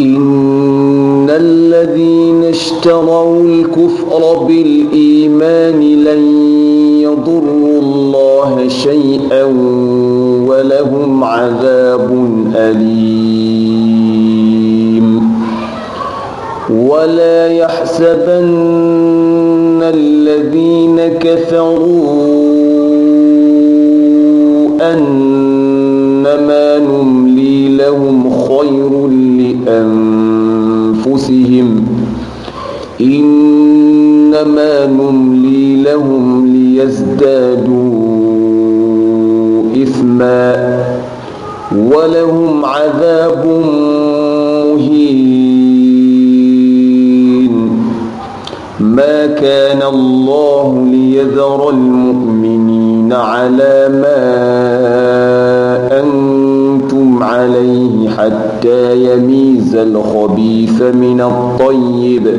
إن الذين اشتروا الكفر بالإيمان لن يضروا الله شيئا ولهم عذاب أليم ولا يحسبن الذين كفروا أنما نملي لهم خير لأنفسهم إنما نملي لهم يزدادوا إثما ولهم عذاب مهين ما كان الله ليذر المؤمنين على ما أنتم عليه حتى يميز الخبيث من الطيب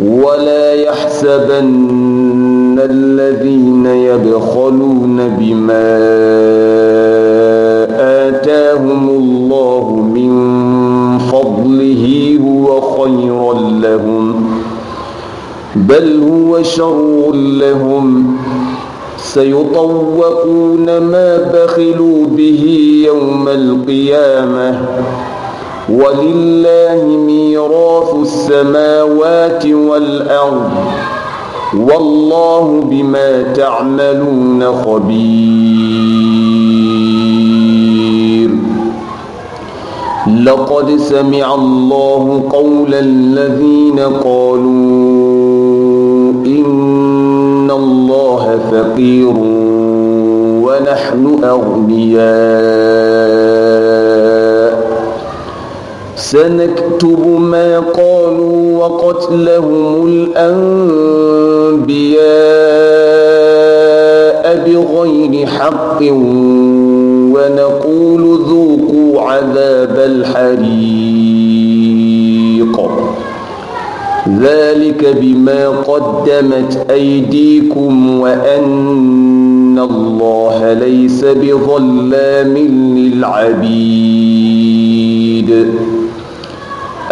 ولا يحسبن الذين يبخلون بما آتاهم الله من فضله هو خيرا لهم بل هو شر لهم سيطوقون ما بخلوا به يوم القيامة ولله ميراث السماوات والأرض والله بما تعملون خبير لقد سمع الله قول الذين قالوا إن الله فقير ونحن أغنياء سنكتب ما قالوا وقتلهم الأنبياء بغير حق ونقول ذوقوا عذاب الحريق ذلك بما قدمت أيديكم وأن الله ليس بظلام للعبيد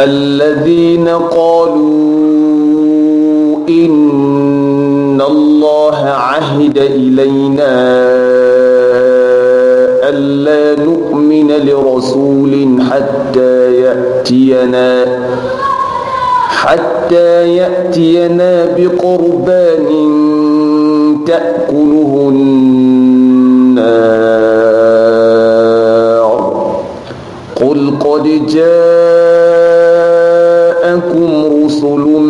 الذين قالوا إن الله عهد إلينا ألا نؤمن لرسول حتى يأتينا حتى يأتينا بقربان تأكله النار قل قد جاء رسل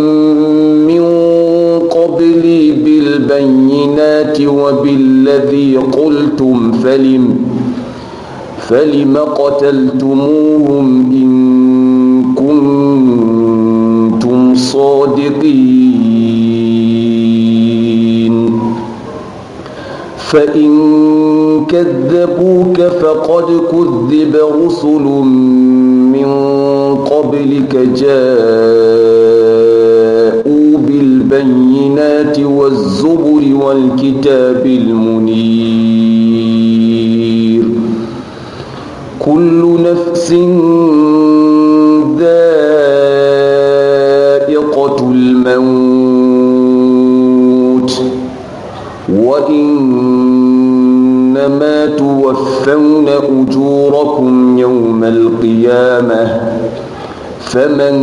من قبلي بالبينات وبالذي قلتم فلم فلم قتلتموهم إن كنتم صادقين فإن كذبوك فقد كذب رسل من قبلك جاءوا بالبينات والزبر والكتاب المنير كل نفس ذائقة الموت وإنما توفون أجوركم يوم القيامة فمن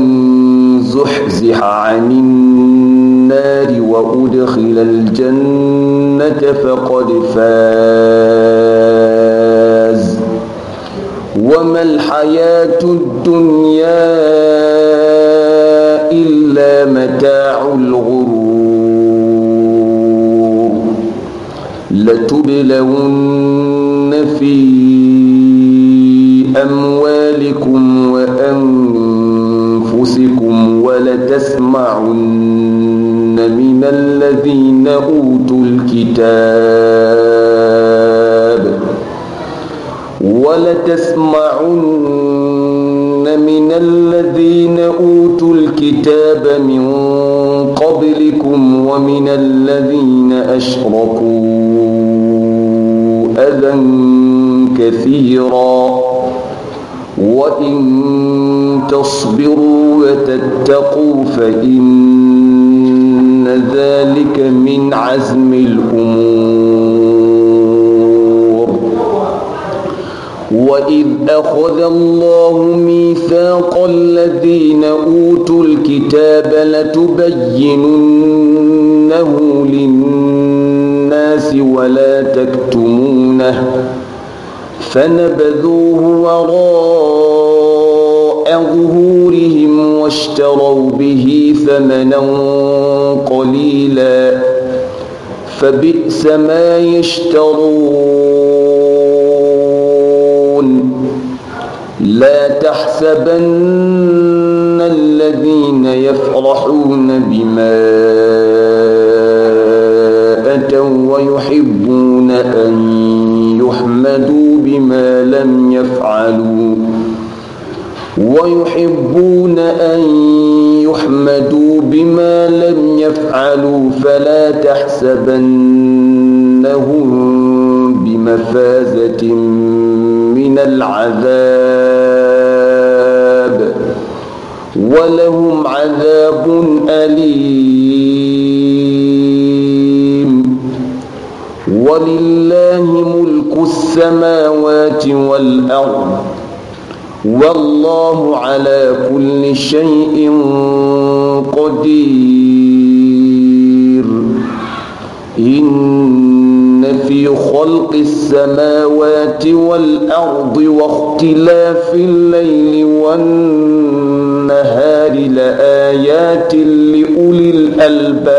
زحزح عن النار وأدخل الجنة فقد فاز وما الحياة الدنيا إلا متاع الغرور لتبلون في أنفسكم ولتسمعن من الذين أوتوا الكتاب ولتسمعن من الذين أوتوا الكتاب من قبلكم ومن الذين أشركوا أذى كثيراً وإن تصبروا وتتقوا فإن ذلك من عزم الأمور وإذ أخذ الله ميثاق الذين أوتوا الكتاب لتبيننه للناس ولا تكتمونه فنبذوه وراء ظهورهم واشتروا به ثمنا قليلا فبئس ما يشترون لا تحسبن الذين يفرحون بما أتوا ويحبون فعلوا ويحبون أن يحمدوا بما لم يفعلوا فلا تحسبنهم بمفازة من العذاب ولهم عذاب أليم ولله السماوات والأرض والله على كل شيء قدير إن في خلق السماوات والأرض واختلاف الليل والنهار لآيات لأولي الألباب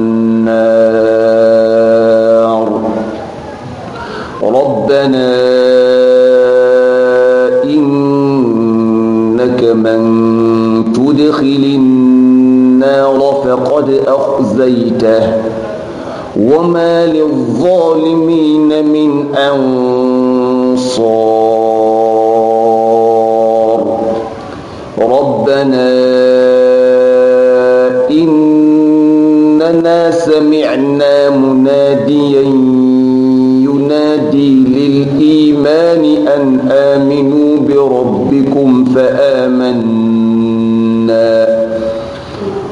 النار ربنا إنك من تدخل النار فقد أخزيته وما للظالمين من أنصار ربنا سمعنا مناديا ينادي للإيمان أن آمنوا بربكم فآمنا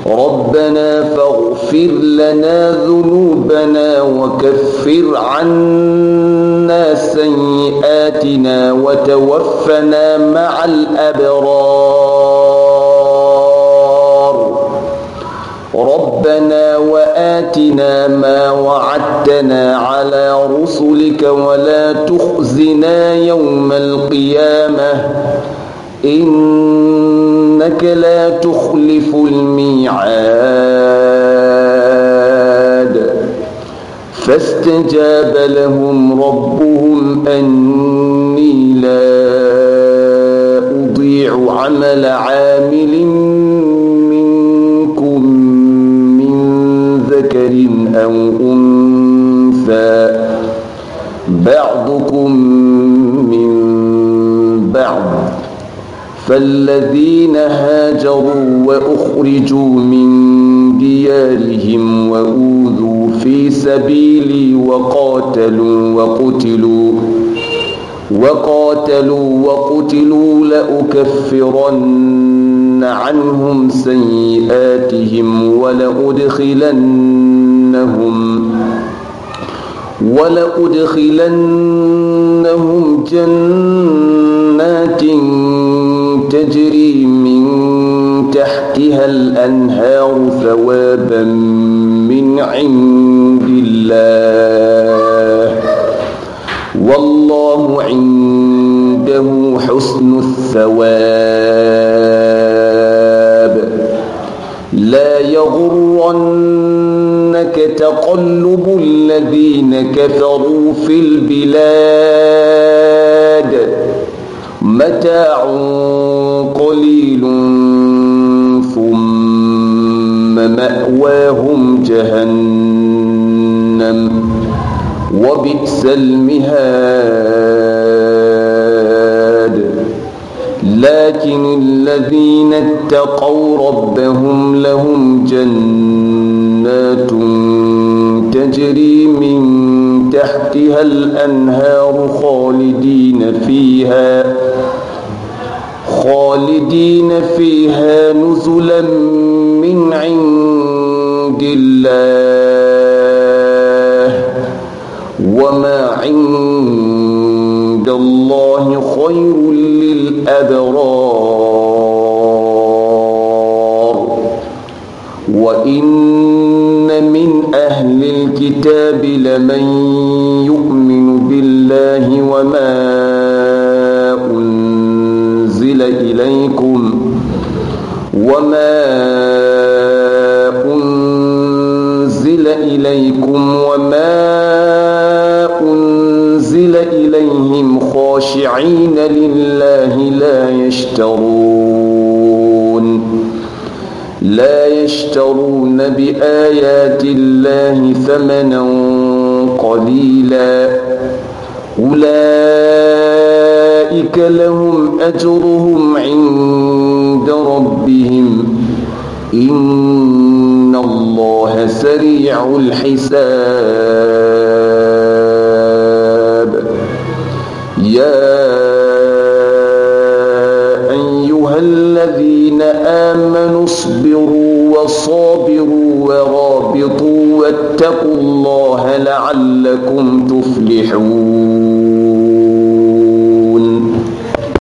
ربنا فاغفر لنا ذنوبنا وكفر عنا سيئاتنا وتوفنا مع الأبرار ربنا وآتنا ما وعدتنا على رسلك ولا تخزنا يوم القيامة إنك لا تخلف الميعاد فاستجاب لهم ربهم أني لا أضيع عمل عامل بعضكم من بعض فالذين هاجروا وأخرجوا من ديارهم وأوذوا في سبيلي وقاتلوا وقتلوا وقاتلوا وقتلوا لأكفرن عنهم سيئاتهم ولأدخلنهم ولأدخلنهم جنات تجري من تحتها الأنهار ثوابا من عند الله والله عنده حسن الثواب لا يغرن تقلب الذين كفروا في البلاد متاع قليل ثم مأواهم جهنم وبئس المهاد لكن الذين اتقوا ربهم لهم جنة جنات تجري من تحتها الأنهار خالدين فيها خالدين فيها نزلا من عند الله وما عند الله خير للأبرار الكتاب لمن يؤمن بالله وما أنزل إليكم وما أنزل إليكم وما أنزل إليهم خاشعين لله لا يشترون لا يشترون بآيات الله ثمنا قليلا أولئك لهم أجرهم عند ربهم إن الله سريع الحساب يا أيها الذين الذين آمنوا اصبروا وصابروا ورابطوا واتقوا الله لعلكم تفلحون